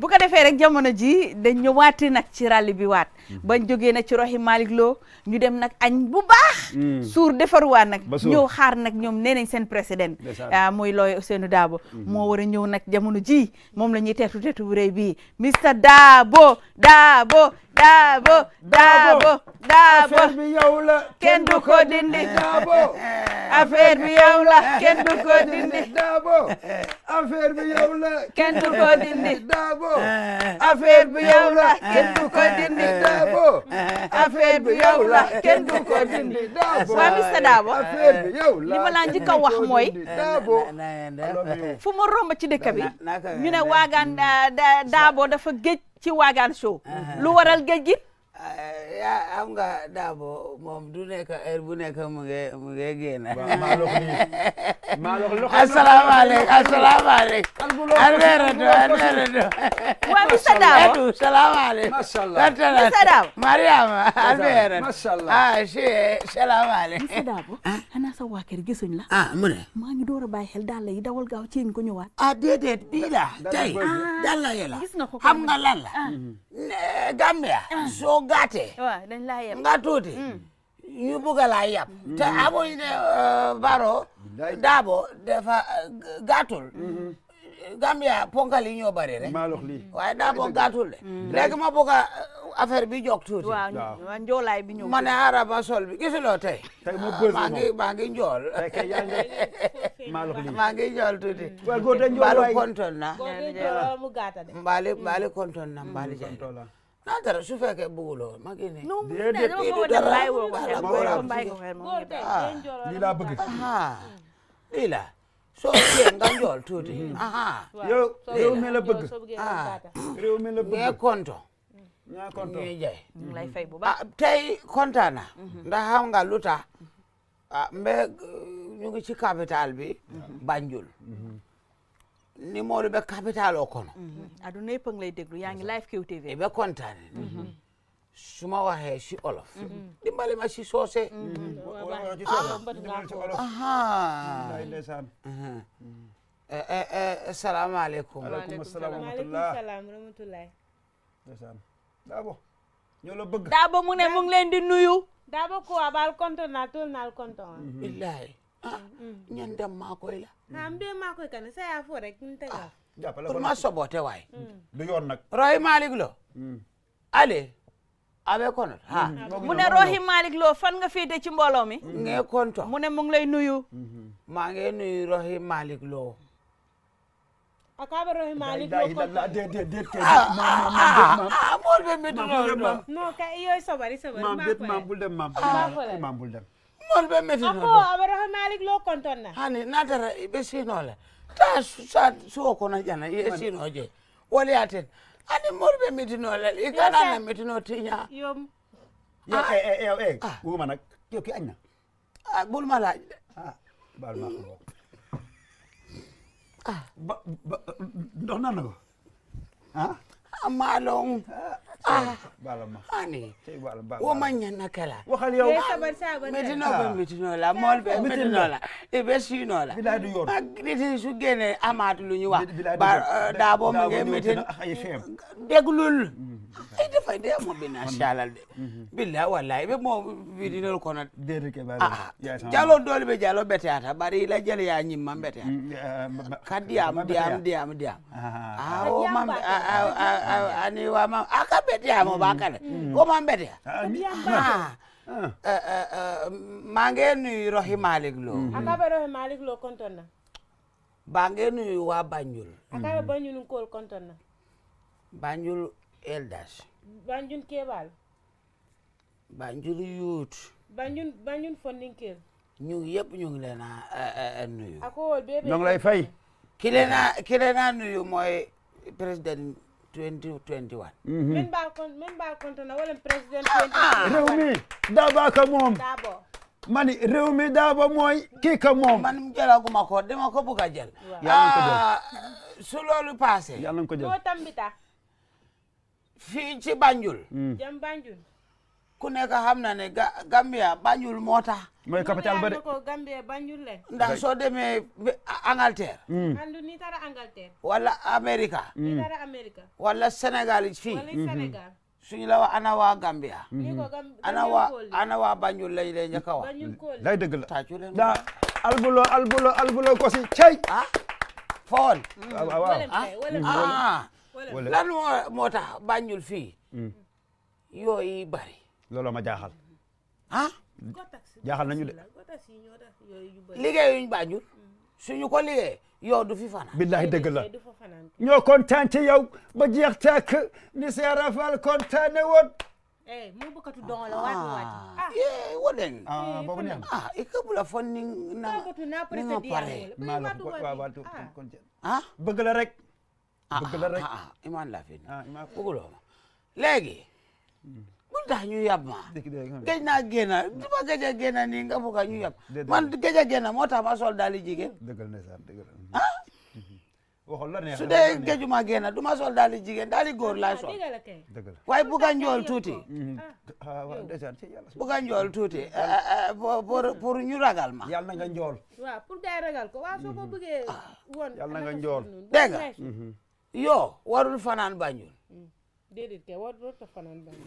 bu ko defee rek jamono ji dañ ñëwaati nag ci ràlli bi waat mhm. bañ jógee nag ci roxi Malick Lo ñu dem nag añ bu baax mm. suur defaruwaat nag ñëw xaar nag ñoom nee nañ seen président ah, muy looy Ousseynou Dabo mhm. moo war a ñëw nag jamono ji moom la ñuy teetu teetu bu Mister Dabo Dabo daabo daabo daabo affaire bi yow la kenn du ko dindi eh. daabo affaire bi yow la kenn du ko dindi daabo eh. eh. affaire bi yow la kenn du ko dindi daabo affaire bi yow la kenn du ko dindi daabo affaire bi yow la kenn du ko dindi daabo waa mista daabo affaire bi yow la li ma laa njëkk a wax mooy fu ma romb ci dëkk bi ñu ne waagaan hmm. daabo dafa géej ci waagaan show ah. lu waral géej yaa am nga
Dabo moom du nekk heure bu nekk mu ngi mu ngi génn. asalaamaaleykum asalaamaaleykum. alhamdulilah alhamdulilah.
waaw Mr Dabo. salaamaaleykum. Mariama alhamdulilah. macha allah ah si
salaamaaleykum. Mr Dabo.
Ah. xanaa sa waa kër la. ah mu maa ngi door a bàyyi xel yi dawal gaaw ceeñ ko ñëwaat. ah déedéet bii la tey ah, daal la yi nga ko xam nga ah. soo gaatee. nga
tuti yu buga la yab te eh, abo hmm. ne baro dabo defa gatul gambia hmm. ponkal yi ñoo bare rek malox li waaye daa boo eh, gaatul de léegi ma bugg a affaire bi jóg tuuti waaw
waaw njoolaay bi ñëw ma ne
araba sol bi gisuloo tey tey mu bëgg maa ngi maa ngi njool
malox li maa ngi
njool tuuti hmm. waaye góor de njool waaye mbaali kontoon na
mbaali ah. mbaali
kontoon na mbaali jaay naa dara su fekkee bëgguloo ma génne. déedéet déedéet dara nga njool tuuti. yow réew bëgg. réew mi la bëgg. ñee konto. ñee konto bu baax tey kontaan na. ndax xam nga lu tax. ah mbé mm-hmm. ah, eh, ngi ci capital bi. Mm-hmm. Banjul. Mm-hmm. ni moolu ɓe capital o kono mm-hmm. aduna yëppang lay déglu yaa ngi live QTV ɓe kontaane mm-hmm. su ma waxee si olof mm-hmm. dimbali ma si soose
ah, aha
eh, eh, eh, salaamaaleykum waaleykum salaam
rahmatulah daabo ñoo la bëgg daabo mu ne mu nuyu
daabo ko abal konton na tol naal konton billahi ah ñan mm. dem la. Mm. ah am dem maa koy kan sa yaa fo rek ñu ah,
ma sobote waaye. Mm. lu yoon Lo. ale abe kono ha Rohi
Malick Lo fan nga féete ci mbooloo mi. ngee
konto mu ne mu lay nuyu. Mm-hmm. maa ngi nuyu Rohi Malick Lo.
a ka bɛ rohi maalik
lo on ɓe metino ko
abaɗo malik lo kontonna hani natara
ɓe sinole ta sa suwo kono ƴana ye sinoje woliya ten ani morɓe metinolel i ganana metino tiña
yom e
wuma de balma ndox a ah ani wo ma ñana kala waxal yow mais dina ko la mool be mitino la e be sino la bila su génne amaatu lu ñu wax ba daabo mi ngi mitin déglul mm-hmm. ay dafay de mo bi na shalal de billahi wallahi be mo bi dina ko na ah, de be jalo bete ata bari la jale ya nyimma bete ata kadiam diam diam diam
ah
o mam ani wa mam akabe ɓettiyaamo mm. mm. ah, ah. ah. ɓa kane eh, woman eh, eh, ɓettiya ma ngeenu rohi malik lo mm-hmm. a kaɓe
mm-hmm. rohi malik lo kontonna
ba ngeenu wa banjul a kaɓe mm-hmm.
banjul kool kontonna
banjul eldas
banjul keɓal
banjul yuut
banjul banjul fondinkel
ñu ngi yëpp nuyu. ak wol bébé ñu ngi lay fay. nuyu mooy président 2021. min
mbaal kon min mbaal réew
mi ka moom. mani réew mi daaba mooy kii ka moom. man jëlaguma ko dama ko bugg a jël.
yàlla ko ah,
su loolu paase. ko jël fii ci Banjul. Mm. Banjul. ku nekk xam na ne ga Gambia Banjul moo tax. mooy capital ba de
Gambia ndax soo
demee Angleterre. Hmm.
andu ni tara wala America. ni hmm. tara America. wala Sénégal hmm.
la wax ana waa Gambia. ni ana waa Banjul lañ leen njëkk lay dëgg la tàccu albulo albulo albulo ko ah, foon. Ah, ah. lan moo moo Banjul fii. yooyu bari. looloo ma jaaxal. ah. jaaxal nañu de. liggéeyuñu ba mm. suñu ko liggéey yow du fi fanaan. billahi dëgg la ñoo kontaan yow ba jeex tàkk ni Seera Fall kontaane woon.
eh mu bëkkatu dong ah, ah. Ah, eh,
na ah i ka bula fo ni na ni nga pare. ko bëgg la rek.
bëgg la rek ah
ma lafiya. la léegi. Hmm. lu dah ñu yab ma géej gena ya génna ya. ya ¿Ah? su ma géej a génna nii nga bugg a ñu yab man géej a génna moo tax ma sol daali jigéen dëggal ndeysaan dëggal ah waxal la neex su dee géeju ma génna du ma sol degal jigéen daali góor tuti. sol dëggal waaye bugg a njool tuuti bugg a njool tuuti pour ñu ragal ma yalla nga njol
wa pour day ragal ko wa so ko bëggee won yalla nga njol dégg
yo warul fanan bañul
déedéet kay war warut a fanaan benn.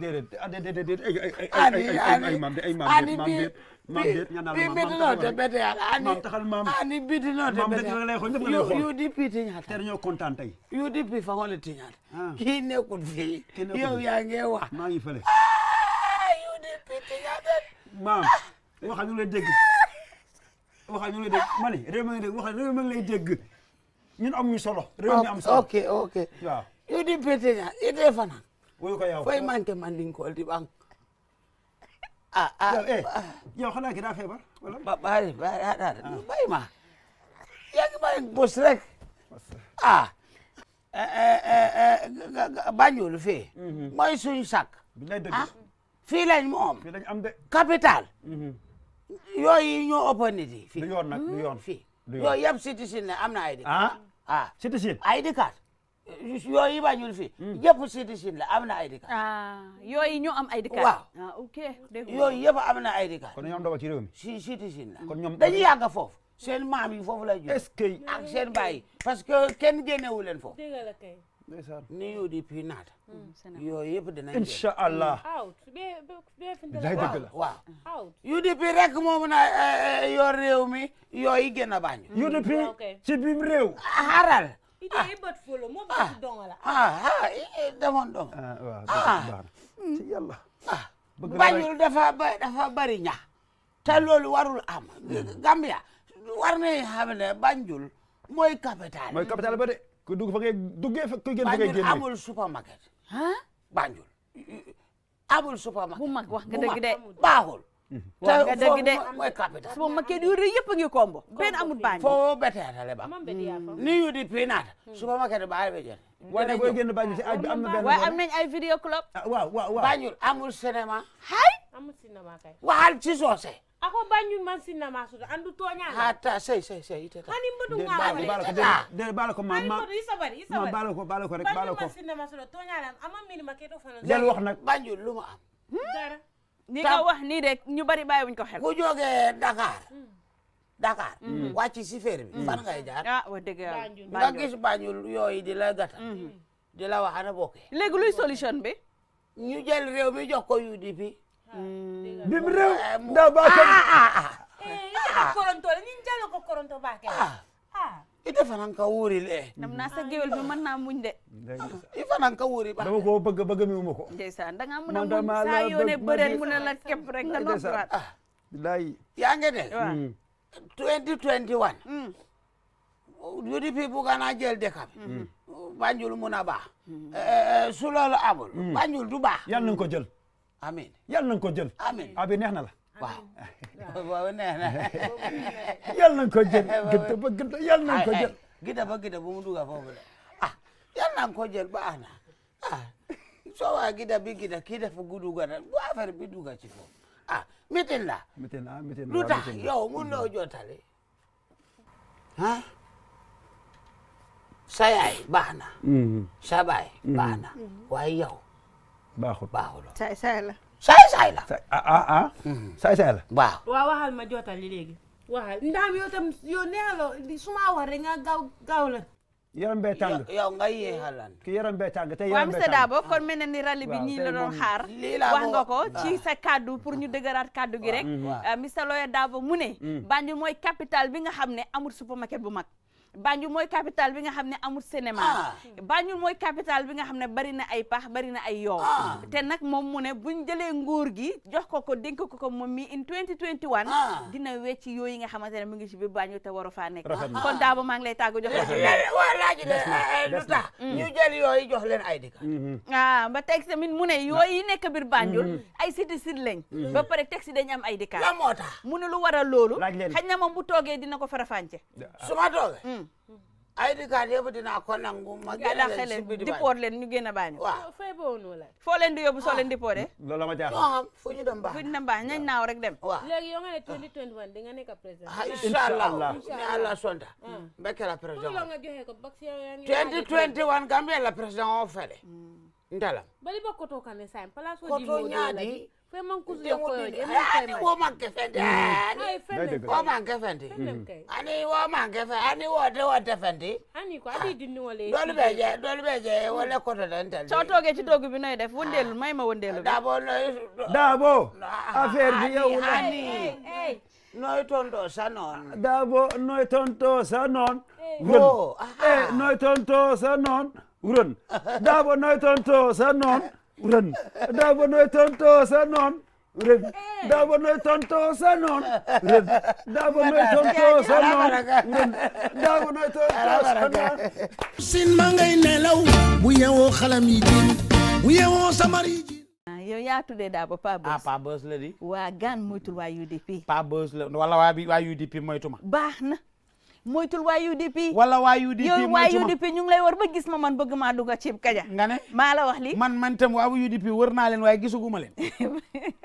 déedéet ah déedéet déedéet ay
ay ay
ay ay maam de ay maam de maam de maam de ñaan naa la maam taxawal
ani biti noo te bete maam lay UDP ti ñaata ter ñoo kontaan tey UDP fa ngole ti ñaata kii nekkul fii yow yaa ngi wax maa ngi fële
UDP ti ñaata maam
waxa ñu lay dégg waxa ñu lay dégg ma ne réew mi ngi dégg waxa réew mi ngi solo réew mi solo ok ok yidi petenya ite fana wuyu ko yow fooy manqué man liñ ko di bang ah ah, ah yow ki eh, daa ah. feebar ba bari bari ah bàyyi ma yaa ngi bàyyi rek ah eh, eh, Banjul fii mhm. mooy suñu sàkk ah fii lañ moom fii am de capital mhm. yooyu ñoo ëpp nit yi fii du yoon nag du yoon fii yooyu yëpp
citizen la am na ay di ah,
ah. yooyu bañul fi. Hmm. yëpp citizen la am na ID card.
ah yooyu ñu am ID card. waaw ah ok yooyu
yëpp am na ay card. kon ñoom dama ci réew mi. si citizen la. kon ñoom dañuy yàgg foofu. maam yi foofu la jógee. est-ce que ak seen baay yi parce que kenn génnewu leen foofu. dégg la kay. ni UDP naata. Hmm, yooyu yëpp dinañ. incha allah.
Hmm, waaw
UDP rek moom na eh, eh, yor réew mi yooyu gën a bañ. UDP ci biir réew. xaaral.
ah, ah. ah, ah
eh, demoon dong
ah ci yàlla Banjul
dafa bari ñax te loolu warul am hmm. Gambia war nañ xam ne Banjul mooy capital mooy capital ba de ku dugg fa ngay duggee fa ku gën fa ngay génne Banjul amul supermarket Banjul amul supermarket bu mag wax nga dëgg de baaxul
te foo mooy capital. so
makkeen yu rëy yëpp a ngi kombo. benn amul baañ. foo bete atale ba. ni yu di pinaata. Hmm. suba makkeen ba arbe jël. waaye booy génn baañu si aaj bi am na benn. waaye am
nañ ay vidéo club.
Ah, waaw a waaw baañul hay
amul ci soose. ako ma suda andu toña hata
ah, sey sey ko de bala ko mama ko isabari isabari bala
ma suda toña lam amam min del wax nag bañun luma am hmm? ni nga
wax nii rek ñu bari bàyyi wuñ ko xel. bu jógee
Dakar.
Mm. Dakar.
Mm. Mm. wàcc si feer bi. fan ngay jaar ah, nga gis Banjul yooyu di la gata. di la wax ana bokkee. léegi luy solution bi. ñu jël réew mi jox ko UDP. Ah, bim réew. Eh, ndaw ba ah ah ah. ah
eh, ah ah ah ah
ah ite fanan ka wuri le nam na
sa gewel mi man na muñ de
i fanan ka wuri ba dama ko bëgg bëgg mi mu ko
ndeysaan da nga mu na sa ah. ya mm. yone mm. mm-hmm. mu na la kep rek nga ah
billahi ya ngi de 2021 mm. UDP bugana jël dekat, mm. banjul eh, munaba. na baax mm. eh, eh, su loolu mm. banjul du Yang yal jel, amin Yang nañ jel, amin abi nih nala. waaw boobu neex na yal nañ ko jël gidda ba gidda yal mu duga foofu de ah yal nañ ko jël baax na ah gidda bi gidda kii dafa guduga na bu affaire bi duga ci foofu ah mitin la mitin la mun loo jottali ah sa yaay baax na mm-hmm. mm-hmm. waaye yow baaxul saay-saay la. ah ah
ah. Mm-hmm. saay-saay la. waaw.
waaw waxal ma jottali léegi. waxal ndaam yow tam yow neexaloo
su ma wax rek nga gaaw gaaw la.
yaram bee
tàng
yow nga yeexal lan. ki yaram bee
tàng
te yaram bee tàng. waaw Daabo
kon mel na ni rali bi ñii la doon xaar. wax nga ko ci sa kaddu pour ñu dëgëraat kaddu gi rek. waaw euh, monsieur Lawyer Daabo mu ne. Mm. Banjul mooy capital bi nga xam ne amul supermarket bu mag. Banjul mooy capital bi nga xam ne amul cinéma ah. Banjul mooy capital bi nga xam ne bari na ay pax bari na ay yow ah. te nag moom mu ne buñ jëlee nguur gi jox ko ko dénk ko ko moom mi in 2021 ah. dina wecc yooyu nga xamante ne mu ngi ci biir Banjul te waru faa nekk kon daa ba maa ngi lay tàggu jox waa
laaji de lu
tax mm. ñu jox leen ay
dëkk
mm-hmm.
ah ba teg tamit mu ne mm-hmm. yooyu nekk biir Banjul mm-hmm. ay siti sit lañ ba pare teg si dañ am ay dëkk la moo tax mu ne lu waral loolu xañ na moom bu toogee dina ko farafànce
su ma ID card yëpp dinaa ko nangu ma génne leen si biir di poor leen
ñu génn baañu waaw foo di yóbbu soo ah. leen di pooree loolu ma jaaxal non fu ñu dem baax fu ñu dem baax ñañ ne
2021 di nga nekk président ah, inshallah ni Allah
sonta ah. la président
2021
fele ntala
bali ba koto kane sain place koto ñaadi fɛn man kusu ye ani wo man kɛ fɛn ani
wo man kɛ fɛn ani wo man kɛ fɛn ani wo de wo tɛ fɛn tɛ ani ko
adi dinni wale dɔli bɛ jɛ
dɔli bɛ jɛ wale
kɔtɔ dɛ n tɛ cɔ tɔ kɛ ci tɔ gubi ye dɛ wondelu mayi ma wondelu dabo
dabo
affaire bi ye wula noy tonto sanon dabo noy tonto sanon noy eh, tonto sanon wuron dabo ren daaw ba nooy tontoo sa noon ren eh. daaw ba nooy tontoo sa noon ren daaw ba nooy tontoo sa noon ren
daaw ba nooy tontoo sa noon
sin ma ngay nelaw bu yewoo xalam yi jin bu yewoo samar yi
jin ah, yow yaa tuddee daa ba Paa Bos. ah Paa Bos la di. waa gan moytul waa UDP. Paa Bos la wala waa bi waa UDP moytu ma. baax na. moytul waa UDP wala waa UDP yow waa ñu ngi lay war ba gis ma man bëgg maa dugg ceeb kaja nga ne maa la wax li man man tam waa UDP war naa leen waaye gisuguma leen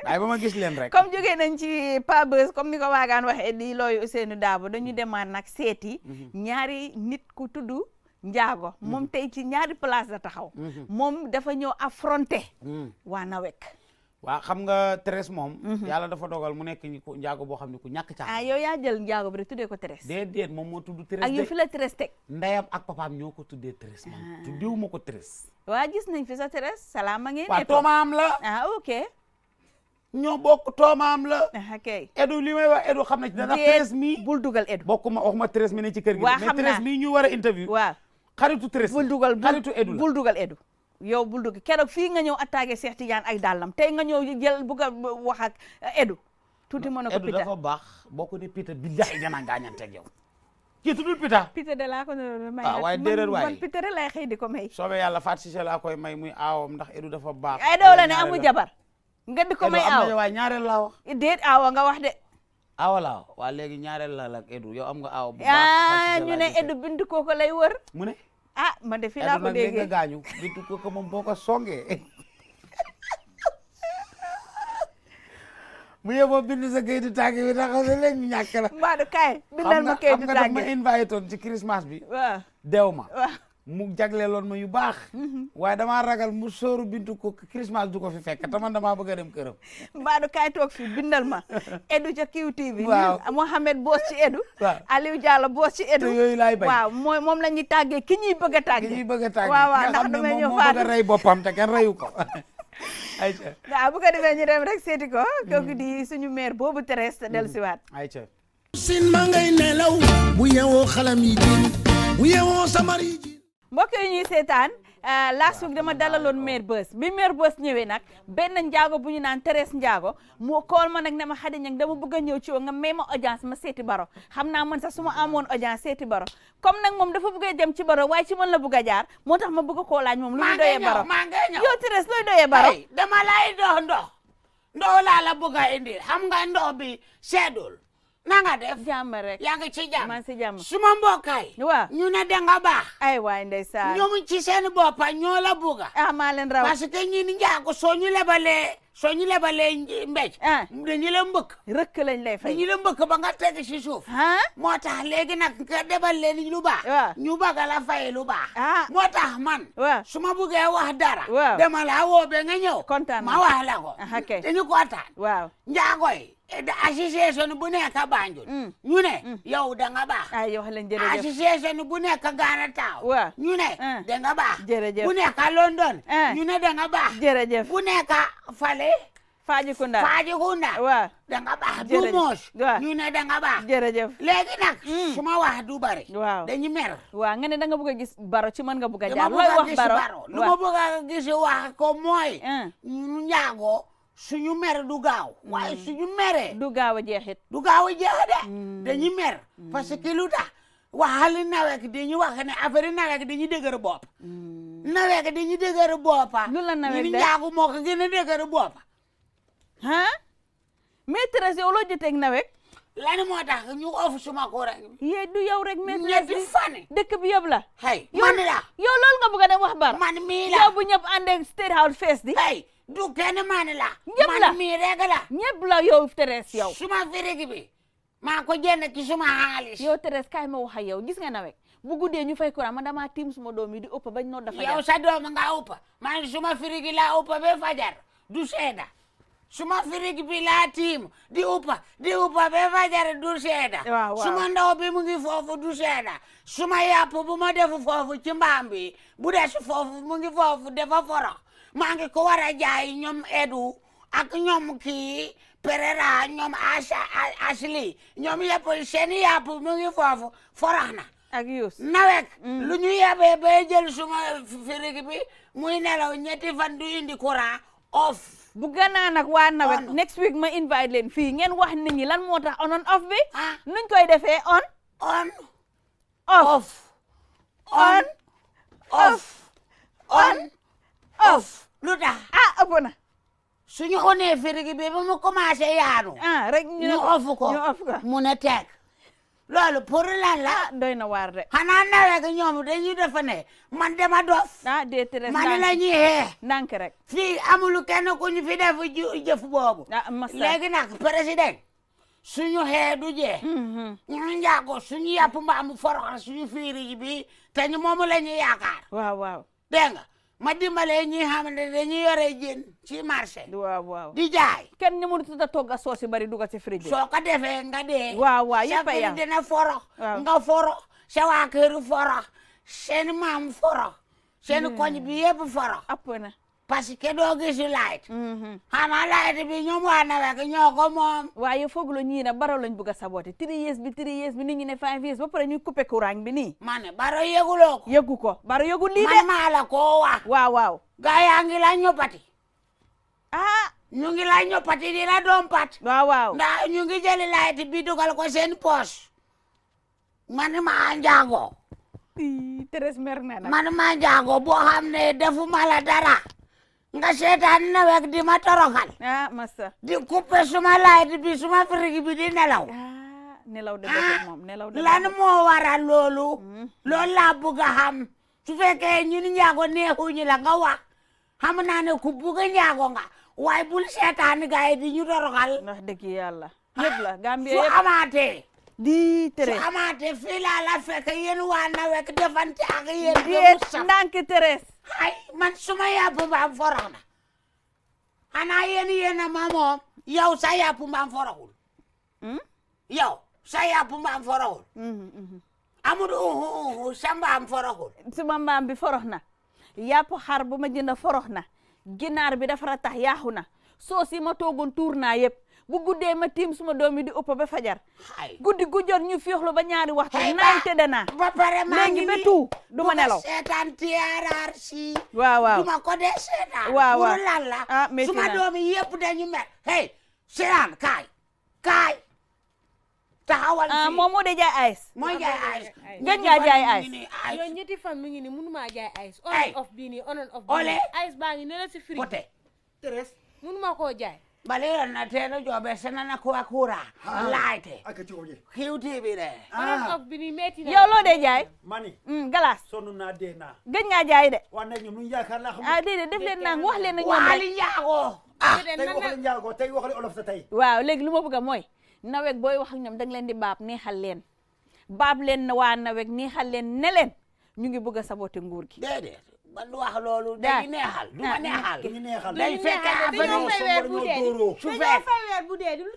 waaye ba ma gis leen rek
comme jógee nañ ci pabeuse comme ni ko waa waagaan waxee di looyu Ousseynou Dabo dañu mm-hmm. demaat nag seeti mm-hmm. ñaari nit ku tudd njaago moom mm-hmm. tey ci ñaari place la taxaw moom dafa ñëw affronté mm. waa nawek
wa xam nga tres mom? Mhm. yalla dafa dogal mu nek ni njaago boo xam ne ku ñak caa. ah
yow ya jël njaago bi tuddé tuddee ko Thérèse.
déedéet mom mo tuddu tres ak ah, yow fi la tres tek ndayam ak papaam ñoko tuddé tres mom ah. tuddé wu mako tres
wa gis nañ fi sa Thérèse salaama ngeen. waaw toomaam la ah ok.
ñoo bokk toomaam la. Ah, ok Edu li wa Edu xamna ci dana. tres mi bul dugal Edu. bokuma waxuma tres
mi ne ci kër gi. waa ñu wara interview. wa xaritu tres bul dugal xaritu Edu bul dugal Edu yow bul dugg keroog fii nga ñew attaqué Cheikh Tidiane ay dalam tay nga ñew jël bugg a wax ak Edu. tuuti mën ko Pita ah, Edu dafa baax ni pita bi Pita billahi gañante ak yow.
ki tuddul Pita.
Pita de la ko may. ah way déedéet way man Pita de lay xey di ko may.
sobe yalla Fatou Cissé la koy may muy awam ndax Edu dafa bax ay do la ne amu jabar.
nga di ko may aw amu way na la wax. déet aw nga wax de.
aawa laa wax waa léegi ñaareel la lak Edu yow am nga aw bu baax ah,
ñu ne Edu bind kooko lay wër mu ne ah man de fii laa ko
gaañu bitu ko ko moom boo ko songee bu yeboo bindu sa kayitu tànk bi taxaw ne léegi ñàkk la. Mbadou kaay bindal ma kayitu tànk xam nga daf ma invité woon ci Christmas bi. waaw dew ma. mu jagleeloon ma yu baax. Mhm. waaye
dama ragal mu sóoru bintu ko Christmas du ko fi fekk te dama damaa bëgg a dem këram. Mbadou kaay toog fi bindal ma. Edu ca QTV. waaw Mohamed boos ci Edu. waaw Aliou Diallo boos ci Edu. te yooyu laay bañ waaw mooy moom la ñuy tàggee ki ñuy bëgg a tàggee. ki ñuy bëgg a tàggee waaw waaw ndax damay ñëw faatu nga rey
boppam te kenn reyu ko. ayca
waaw bu ko defee ñu dem rek seeti ko. Mhm. kooku di suñu maire boobu Thérèse mhm. dellusiwaat. ayca. sin ma ngay nelaw bu yewoo xalam yi ji bu yeewoo samar yi mbokk yi ñuy seetaan euh, last week dama dalaloon maire bës bi maire bës ñëwee nag benn njaago bu ñu naan Thérèse Njaago mu kool ma nag ne ma xadi ñang dama bëgg a ñëw ci woon nga may ma audience ma seeti baro xam naa man sax su ma amoon audience seeti baro comme nag moom dafa bëggee dem ci baro waaye ci man la bëgg a jaar moo tax ma bëgg koo laaj moom lu mu doyee baro maa ngi ñëw yow Thérèse looy doyee baro dama lay dox ndox ndox laa la bëgg
a indi xam nga ndox bi seedul na nga def jàmm rek yaa ngi ci jàmm man si jàmm
suma mbokkaay waaw ñu ne danga baax ay waay ndeysaan ñoom ci seen boppa ñoo la buga ah maa leen raw parce que ñi ni njaago soo ñu lebalee soo ñu lebalee mbéj ah.
dañu la mbëkk rëkk lañ lay fay dañu la mbëkk ba nga teg si suuf ah? moo tax léegi nag nga debal lu baax ñu bëgg la fay lu baax ah. moo tax man su ma buggee wax dara dama laa woo be nga ñëw kontaan ma wax la ko dañu kontaan waaw njaago yi association bu nekk Banjul mm. ñu ne mm. yow da nga baax ay yow
leen jërëjëf association bu nekk Ghana Town waaw ñu ne ah. da nga baax jërëjëf bu nekk London ah. ñu ne da nga baax jërëjëf bu nekk fale Fajikunda Fajikunda waaw da nga baax du moos ñu ne da nga baax jërëjëf léegi nag mm. ma wa du bari da dañu mer waaw nga ne da nga bëgg a gis baro ci man nga bëgg a jaar looy baro lu ma bëgg a gis wax ko mooy ñu ah. njaago suñu mer du gaaw mm. waaye
ñu meree du gaaw a jeexit du gaaw a jeexa de mm. dañu mer mm. parce que lu tax waxali nawet wax ne affaire nawet ñu dëgër bopp nawet dañu dëgër boppa lu la nawet de njaagu moo ko gën a dëgër boppa ah
maîtresse yow loo jëteeg nawet lan moo tax ñu of suma ko rek yee du yow rek maîtresse dëkk bi yëpp la hey man la yow loolu nga bëgg a dem wax bar man mii la yow bu ñëpp ànd state house fees di hey du kenn maani la. ñëpp la man mii rek yow Thérèse yow. suma firigi bi maa ko jënd ci suma xaalis. yow Thérèse kaay ma wax ak yow gis nga nawet bu guddee ñu fay courant man damaa tiim suma doom yi di ëpp bañ noo dafa yow sa doom nga ëpp man suma firigi la ëpp ba fajar du seeda suma firigi bi laa
tiim di uppa di uppa be fajare du seeda suma ndaw bi mu foofu du seeda suma yàpp bu ma defu foofu ci mbaam bu des foofu mu foofu dafa foro maa ngi ko war a jaay ñoom edu ak ñoom kii perera ñoom asa asli ñoom yëpp seen yàpp foofu
forox na ak yus mm. lu ñu yebee bay jël suma firigi bi muy nelaw ñetti fan du indi courant off bu gannaa nag waa nawet next week ma invite leen fii ngeen wax nit ñi lan moo tax on on off bi ah. nuñ koy defee on on off on off on
off lu tax ah ëpp na suñu firigi bi ba mu commencé
yaanu ah rek ñu off ko mu ne loolu pour lan la. Ah, doy na waar de. xanaa nawet gi ñoom dañuy defa ne man dama dof. ah déedéet man la ñuy xee. rek. fii amulu kenn ku ñu fi def jëf boobu. ah masa léegi nag président. suñu du je hmm,
hmm. ñu njaago suñu yàpp mbaamu forox suñu fiiri bi te ñu moom la ñuy yaakaar. waaw waaw dégg ma
dimbalee ñi xam ne dañuy yore jën
ci marché. waaw waaw di jaay.
kenn ni mu tuta togg a soosi bari dugal ci frigo. soo ko defee nga dee. waaw waaw yëpp a dina foro. nga foro sa waa kër foro seen maam foro. seen hmm. koñ bi yëpp foro. app parce que doo gis light. Mm-hmm. xanaa light bi ñoom waa nawet ñoo ko moom. waaye foog la ñii ne baro lañ bëgg a three years bi three years ne five years ba pare ñu coupé courant bi nii. ma baro yëguloo ko. ko baro yëgu lii de. man maa la koo wax. yaa ngi la pati. ah. ñu ngi pati di la doom
pat. waaw waaw ndax ñu ngi jëli bi dugal ko seen poche. man maa njaago. man maa njaago boo ne defuma
la dara. nga seetaan nawet di ma toroxal. ah massa. di coupé suma light bi suma firigi bi di nelaw. ah nelaw de bëgg lan moo
waral loolu. Hmm. loolu laa bëgg a su fekkee ñun njaago neexuñu la nga
wax xam naa ne ku nga waaye bul seetaan gaay di ñu toroxal. la ah, Gambie yëpp su amaatee. di Thérèse ay man
suma yàpp mbaam forox na xanaa yéen yéen a ma moom yow sa yàpp
mbaam foroxul hmm? yow sa yàpp mbaam foroxul hmm, hmm, uhu uhu sa mbaam foroxul suma mbaam bi forox na yàpp xar bu ma jënd forox na ginaar bi dafara tax yaaxu na soo si ma toogoon tuur naa yëpp bu guddee ma tim suma doom di uppa ba fajar guddi gu jot ñu fiixlu ba ñaari waxtu nante dana ba pare maa ngi léegi betu duma nelo
setan tiarar si
waaw waaw duma ko
dee setan waaw waaw lan la ah suma doom yi yëpp
dañu mel hey setan kay kay taxawal ah, fii momo de jay ice moy jay
ice ngeen ngaa jay ice
yo ñetti fam mi ngi ni mënumaa jay ice on and off bi ni on and off ice nii ayis baa ngi ne la ko firi. pote. mënumaa koo jaay.
bale na teno jobe se na kuwa kura laite kiwti bi de
yow loo dee jaay
mani mm, galas sonu na de na gëj nga jaay de wa nañu nu yaakaar la xam
ah déedéet def leen nang wax leen na ñoom wali njaago ah.
ah tey waxale
njaago tey waxale olof sa tey waaw léegi lu ma bëgg mooy nawek booy wax ñoom dang leen di baab neexal leen baab leen na waa nawek neexal leen ne leen ñu ngi bëgg a saboté nguur gi man du wax loolu. da neexal du neexal. du ñu neexal day fekke fekkee bu
dee lu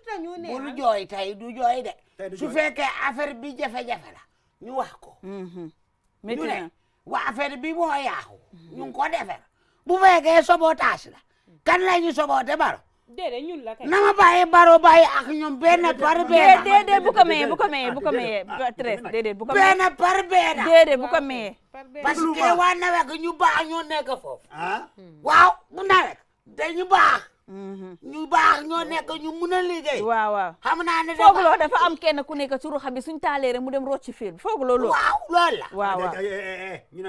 du jooy de. su fekkee affaire bi jafe-jafe la ñu wax ko. Mm-hmm. métti na affaire bi moo yaaxu. Mm-hmm. ñu ngi ko defar bu fekkee sabotage la kan la ñu saboté baro.
déedéet ñun la na ma bàyyi baro bàyyi ak ñoom
benn par benn. déedéet bu ko mayee bu ko mayee bu ko mayee treize déedéet bu ko mayee. benn ñu baax ñoo nekk foofu. Ah?
Hmm.
waaw bu nawet dañu baax. Hmm. ñu baax ñoo nekk ñu mun a liggéey. waaw waaw xam naa ne dafa foogloo dafa am kenn ku nekk ci ruxa bi suñ taalee rek mu dem rocci ci foogloo loolu. waaw loolu la. waaw eh, waaw
eh, eh, ñu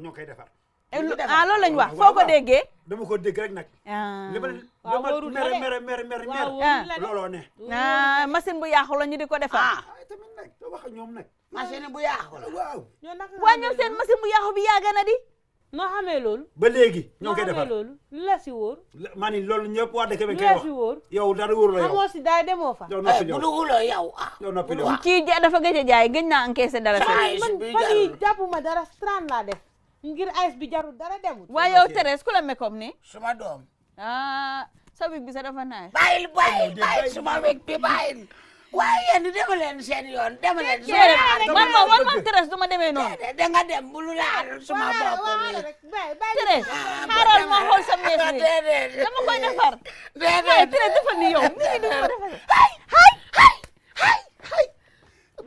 ne koy defar. Eh, ah lañ wax foo ko
dama ko dégg rek nag. li ma li lo ne. machine bu yaaxu lo ñu di ah
tamit nag doo wax ak ñoom
machine bu yaaxu la waaw. waa ñoom seen
machine bu yaaxu bi yàgg na di. noo xamee loolu.
ba léegi ñoo koy defar
noo la si wóor.
maa ni loolu ñëpp waa bi kay wax yow dara la
yow fa. yow ah. yow dafa jaay dara. man dara strand def ngir ice bi jarul dara demut. waaye yow Thérèse ku la ni. suma doom. ah sa wig bi sa dafa naay. bàyyil bàyyil bàyyil suma wig bi waaye yéen dama leen yoon dama leen.
man ma man man
Thérèse du suma bopp Thérèse ah, xaaral ma xool sa mees mi koy defar. déedéet Thérèse dafa ni yow mi ngi hay hay hay hay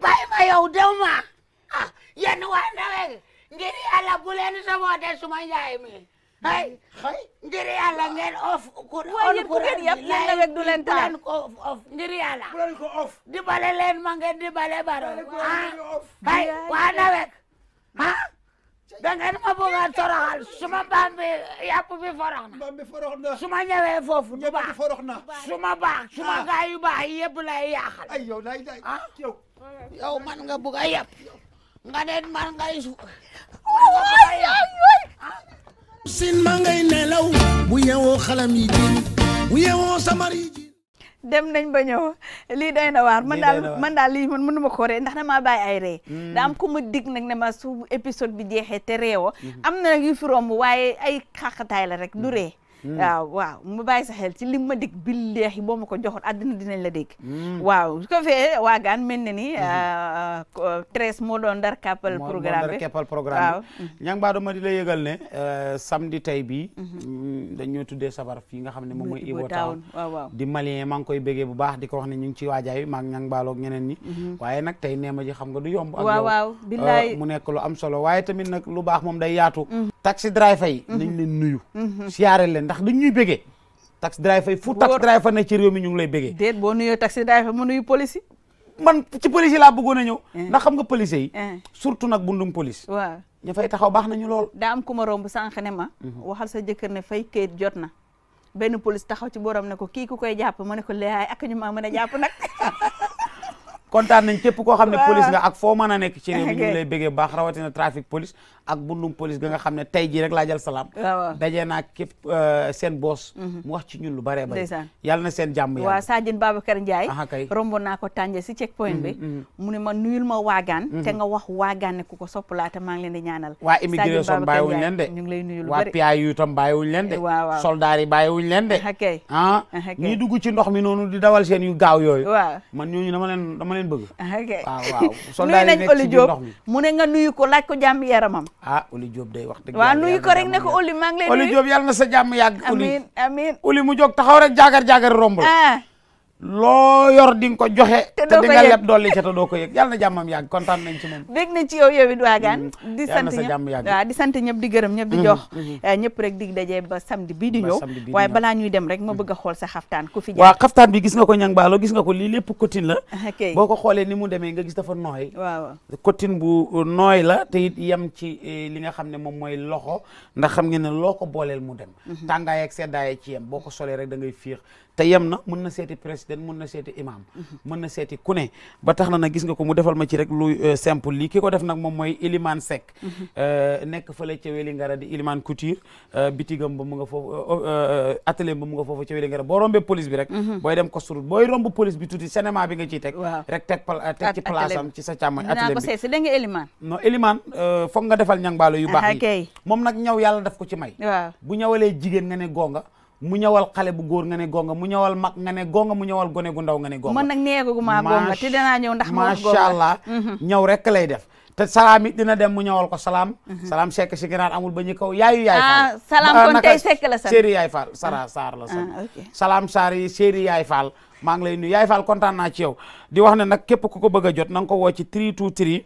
bàyyi ma yow dew
ma ah yéen waa diri yàlla bu sama ada semuanya ini, mi hai, diri ala ngel off ku on ku ren yëpp ngeen ne rek du leen taal ko off ngir ala, bu ko off dibale leen ma di dibale baro ah. hay iya, waa iya. wek ha da ngeen ma bëgg a toroxal suma baam bi yàpp iya, bi forox na baam bi forox na suma ñëwee foofu du baax forox na suma baax suma ah. gaay yu baax yëpp lay yaaxal ay yow lay day yow yow man nga nga ne man ngay su.
sin ma ngay nelaw bu yeewoo xalam yi jiin bu yeewoo samar yi jiin dem nañ ba ñëw lii day na waar man daal man daal lii man mënu ma ko ree ndax damaa bàyyi ay ree hmm. daam am ku ma dig nag ne ma suubu épisode bi jeexee te reewoo hmm. am na nag yu fi romb waaye ay xaqataay la rek du hmm. ree waaw hmm. ah, waaw mu bàyyi sa xel ci li ma dig billeehi boo ma ko joxoon àddina dinañ la dégg hmm. waaw su ko fee waagaan mel na ni hmm. ah, ah, treize moo doon dar kappal programme bi
programme waaw di la yëgal ne eh, samedi tey bi mm, dañoo tuddee sabar fii nga xam ne moom mooy Ibo Town di malien maa ngi koy bégee bu baax di ko wax ne ñu ngi ci waajaay maag ñang baaloog ñeneen ñi waaye nag tey neema ji xam nga du yomb ak waaw waaw billaay mu nekk lu am solo waaye tamit nag lu baax moom day yaatu taxi driver yi nañ leen nuyu siyaare leen ndax dañ ñuy bégee taxi driver fu taxi driver ne ci réew mi ñu ngi lay bégee déet boo nuyoo taxi driver mu nuyu police yi man ci police yi laa bëggoon a ñëw eh. ndax xam nga police yi eh. surtout nag bundum police
waaw ña fay taxaw baax nañu lool daa am ku ma romb sànq ne ma mhm. waxal sa jëkkër ne fay kayit jot na benn police taxaw ci borom ne ko kii ku koy jàpp mu ne ko leeyaay ak ñu maa mën a nag
kontaan nañ képp koo xam ne police nga ak foo mën a nekk ci réew mi ñu lay bëggee baax rawatina trafic police ak bundum police ga nga xam ne tey jii rek laa jël salaam dajee naa képp euh, seen boos mhm. mu wax ci ñun lu bare bari yàlla na seen jàmm waaw
kar Babacar Ndiaye kay rombo naa ko tànje si check point bi mhm, mhm. mu ne ma nuyul ma waagaan te nga wax waagaan ne ku ko sopp laa te maa ngi leen di ñaanal waa immigration bàyyiwuñ leen de ñu ngi lay nuyu lu bari waa PIA
yu tam bàyyiwuñ leen de waaw soldaar wuñ bàyyiwuñ leen de ah ñi dugg ci ndox mi noonu di dawal seen yu gaaw yooyu leen bëgg.
ok waaw waaw. soldat mu ne nga nuyu ko laaj ko jàmm yaramam.
ah Oli Diop day wax dëgg
waaw rek ne ko Oli maa ngi lay nuyu
na sa jàmm yàgg. amiin amiin Oli mu jóg taxaw rek jaagar jaagar romb ah. loo yor di nga ko joxe. te doo ko yëg te di nga leb dolli ca te doo ko yëg yàlla na jàmmam yàgg kontaan nañ ci moom. bég
na ci yow yow it waagaan. Mm. di sant ñëpp waaw di sant ñëpp di gërëm ñëpp di mm-hmm. jox. Mm-hmm. Eh, ñëpp rek dig daje ba samedi bii di ñëw. waaye balaa ñuy dem rek ma mm-hmm. bëgg a sa xaftaan ku fi. waaw xaftaan
bi gis nga ko ñang baalo gis nga ko lii lépp cotine la. ok boo ni mu demee nga gis dafa nooy. waaw cotine bu uh, nooy la te it yem ci eh, li nga xam ne moom mooy loxo ndax xam ngeen ne loo ko mu dem. tàngaay ak seddaay ci yem boo ko rek da ngay fiix te yem na mën na seeti président mën na seeti imam mhm. mën na seeti ku ba tax na nag gis nga ko mu defal ma ci rek lu euh, simple lii ki ko def nag moom mooy Ilimane Seck mhm. euh, nekk fële ca Wélingara di Ilimane Couture euh, bitigam ba mu nga foofu atelier rek mhm. teg ci place ci sa càmmoñ atelier bi
si da nga Elimane
non Elimane nga defal ñang baalo yu baax yi ah, moom nag ñaw yàlla daf ko ci may bu ñawalee jigéen nga ne gonga mu ñëwal xale bu góor nga ne gonga mu ñëwal mag nga ne gonga mu ñëwal gone gu ndaw nga ne gonga man
nag neegu maa gonga te ñëw ndax ma gonga macha allah mhm.
ñëw rek lay def te salaam it dina dem mu ñëwal ko salaam mhm. salaam sekk si ginaar amul ba ñu kaw yaayu yaay faal ah, salaam ah, kon tey sekk la sax séeri yaay faal ah. la salaam saar yi yaay faal maa ngi lay nuyu yaay faal kontaan naa ci yow di wax ne nag képp ku ko bëgg a jot na nga ko woo ci 323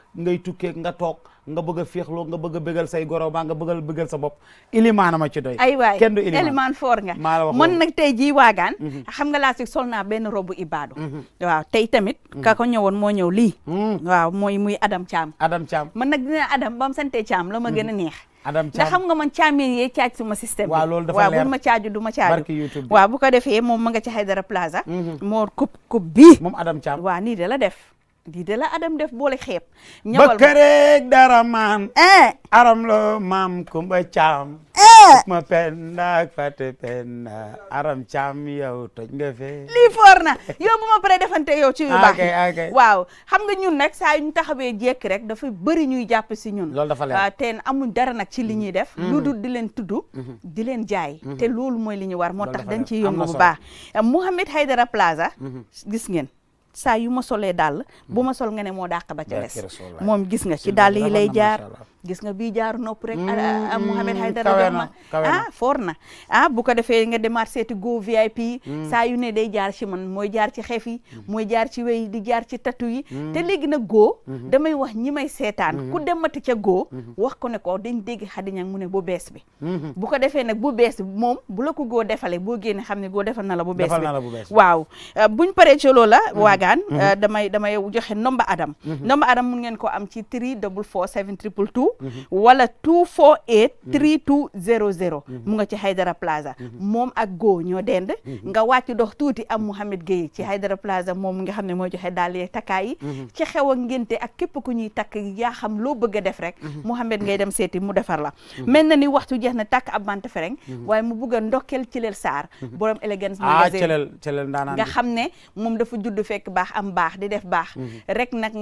ngay tukke nga tok nga bëgg fexlo nga bëgg a bëggal say goroma nga bëggal bëggal sa bop iliman ma ci doy ay way kenn du
nga man nag tey jii waagaan mhm. xam nga la ci sol ben robu ibado mhm. waaw tay tamit mhm. ka ko ñëwoon moo ñëw waaw moy muy Adam cham Adam cham man nag dina Adam bam mu cham Thiam la ma neex Adam cham xam nga man caameen yee caaj suma système waaw lool dafa leer waaw buma ciaju duma du barki YouTube waaw bu ko defé mom ma nga ci Haydara Plaza mo coupe coupe bi mom Adam cham waaw ni de la def di de la adam def boole xeeb. ñawal ma ba këreeg
dara maam. Eh. aram loo maam kumba caam. Eh. ma penda ak fàtte penda aram caam yow toj nga fee.
lii foor na yow bu ma paree defante yow ci yu baax waaw xam nga ñun nag sa yu ñu taxawee jekk rek dafa bëri ñuy jàpp si ñun. loolu dafa leer ah, teen dara nag ci li ñuy def. Mm-hmm. lu dul di leen tudd. Mm-hmm. leen jaay. Mm-hmm. te loolu mooy li ñu war moo tax dañ ciy yëngu bu baax. Mouhamed Haidara Plaza. gis ngeen. saa yu ma solee dàll bu hmm. ma sol nga ne moo dàq ba ca des moom gis nga ci dàll yi lay jaar gis nga bii jaar nopp rek. a Mouhamed mm-hmm. Haydara Dramane ah foor na ah bu ko defee nga demaat seeti go VIP. Mm. saa yu ne day jaar ci man mooy jaar ci xef yi. Mm. mooy jaar ci wey di jaar ci tatu yi. Mm. te léegi nag go. Mm-hmm. damay wax ñi may seetaan. Mm-hmm. ku demati ca go. wax ko ne ko dañ dégg xadiña mu ne bu bees bi. bu ko defee nag bu bees bi moom bu la ko go defalee boo génne xam ne go defal na la bu bees bi. defal bu bees waaw ah, buñ paree ci loola. waagaan ah, damay damay joxe nomba Adam. nomba Adam mu ngeen ko am ci 3 double 4 7 triple Mm-hmm. wala 248 3200 mm-hmm. mu nga ci dara Plaza mm-hmm. moom ak góo ñoo dend nga wàcc dox tuuti am Mouhamed Gueye ci Haydara Plaza moom nga xam ne moo joxe daal yee takkaay yi ci xew ak képp ku ñuy takk yaa xam loo bëgg a def rek Mouhamed ngay dem seeti mu defar la mel na ni waxtu jeex na tàkk ab bant fereng waaye mu bugg a ndokkeel Thilel Sarr borom élégance ah, magasin Thilel
Thilel ndaanaan nga xam
ne moom dafa judd fekk baax am baax di def baax rek nag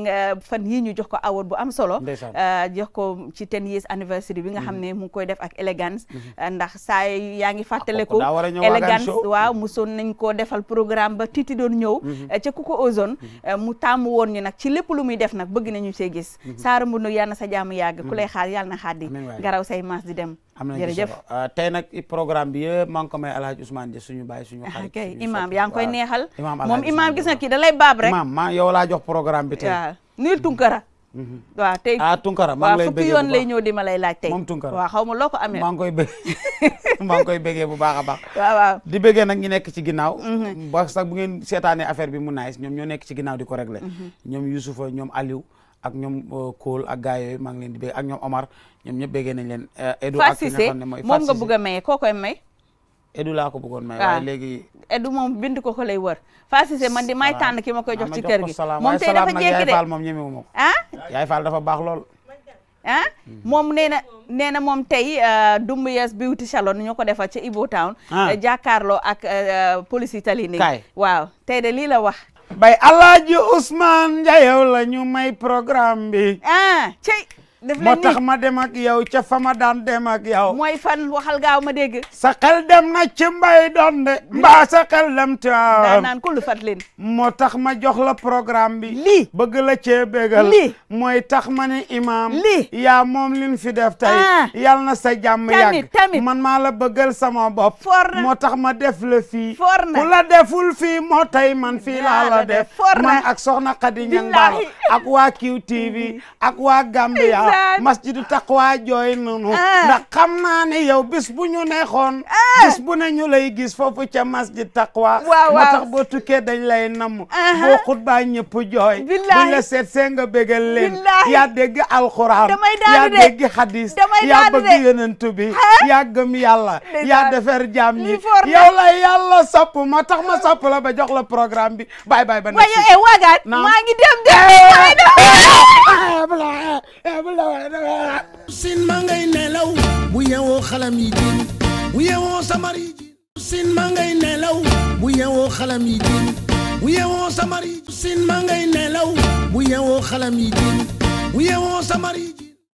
fan yii ñu jox ko award bu am solo ah, jox ko ci ten years anniversary bi nga xam mm. ne mu ngi koy def ak élégance mm-hmm. eh, ndax saa yaa ngi fàttaleku élégance ah, waaw mosoon nañ koo defal programme ba titi doon ñëw mm-hmm. eh, ca ku ko ozone mm-hmm. eh, mu taamu woon ñu nag ci lépp lu muy def nag bëgg ñu see gis saara mu yàlla na sa jaamu yàgg ku lay xaar yàlla na xaaddi garaw say maas di dem am nañu jërëjëf
ah, tey nag programme bi yëpp maa ko may El Hadj Ousmane Dia suñu bàyyi suñu xarit ah,
kay imam yaa ngi koy neexal moom imam gis nga kii da lay baab rek imam maa Mm-hmm. waaw tey ah Tunkara maa ngi lay bëggee bu yoon lay ñëw di ma lay laaj tey moom Tunkara waaw xaw ma loo ko amee maa ngi koy bëgg
maa koy bëggee bu baax a baax waaw di bëggee nag ñi nekk ci ginnaaw mm-hmm. ba sax bu ngeen seetaanee affaire bi mu naagis ñoom ñoo nekk ci ginnaaw di ko rek réglé mm-hmm. ñoom Youssoufa ñoom Aliou ak ñoom euh, Kool ak gars yooyu maa ngi leen di bëgg ak ñoom Omar ñoom ñëpp bëggee nañ leen euh, Edu ak ki nga xam ne mooy moom nga bëgg
a maye may
Edu laa ko bëggoon ma ah. waaye léegi
Edu moom bind ko ko lay wër. Fassise man di may tànn ki ma koy jox ah, ci kër gi. moom tey dafa jékki de
moom ñemewu ma ko. ah yaay Fall dafa baax lool.
ah hmm. moom na nee na moom tey euh, Dumbu Yes Beauty Salon ñu ko defal ci Ibo Town. Ah. Euh, jàkkaarloo ak euh, police yi tali nii. kaay waaw tey de lii la wax.
bay Alaaji Ousmane Ndiaye la ñu may programme bi. ah moo tax ma dem ak yow ca fa ma daan dem ak yow. mooy fan ma dégg. sa xel dem na sa xel dem moo tax ma jox la programme bi. lii bëgg la cee bégal. tax ma ne imaam. lii yaa moom li fi def tey. Ah. yal na sa jàmm yàgg. tamit man maa la bëggal sama bopp. moo tax ma def la fii. ku la deful fii moo tey man fii laa la def. for na man ak soxna Khady Niang ak waa QTV ak waa Gambia. masjidu taqwa jooy nanu ndax xam naa ne yow bis bu ñu neexoon bis bu ne ñu lay gis foofu ca masjid taqwa moo tax boo tukkee dañ lay namm boo xutbaa ñëpp jooy buñ la seet see nga bégal leen yaa dégg alxuraan yaa dégg xadis yaa bëgg yonent bi yaa gëm yàlla yaa defar jaam ñi ma la tax ma sopp la ba jox la programme bi bye bye ba nekk waaye waagaan maa ngi dem de sin ma ngay nelaw bu yewoo xalam yi jiin bu yewoo samar yi jiin sin ma ngay nelaw bu yewoo xalam yi jiin bu
yewoo samar yi sin ma ngay nelaw bu yewoo xalam yi jiin bu yewoo samar yi jiin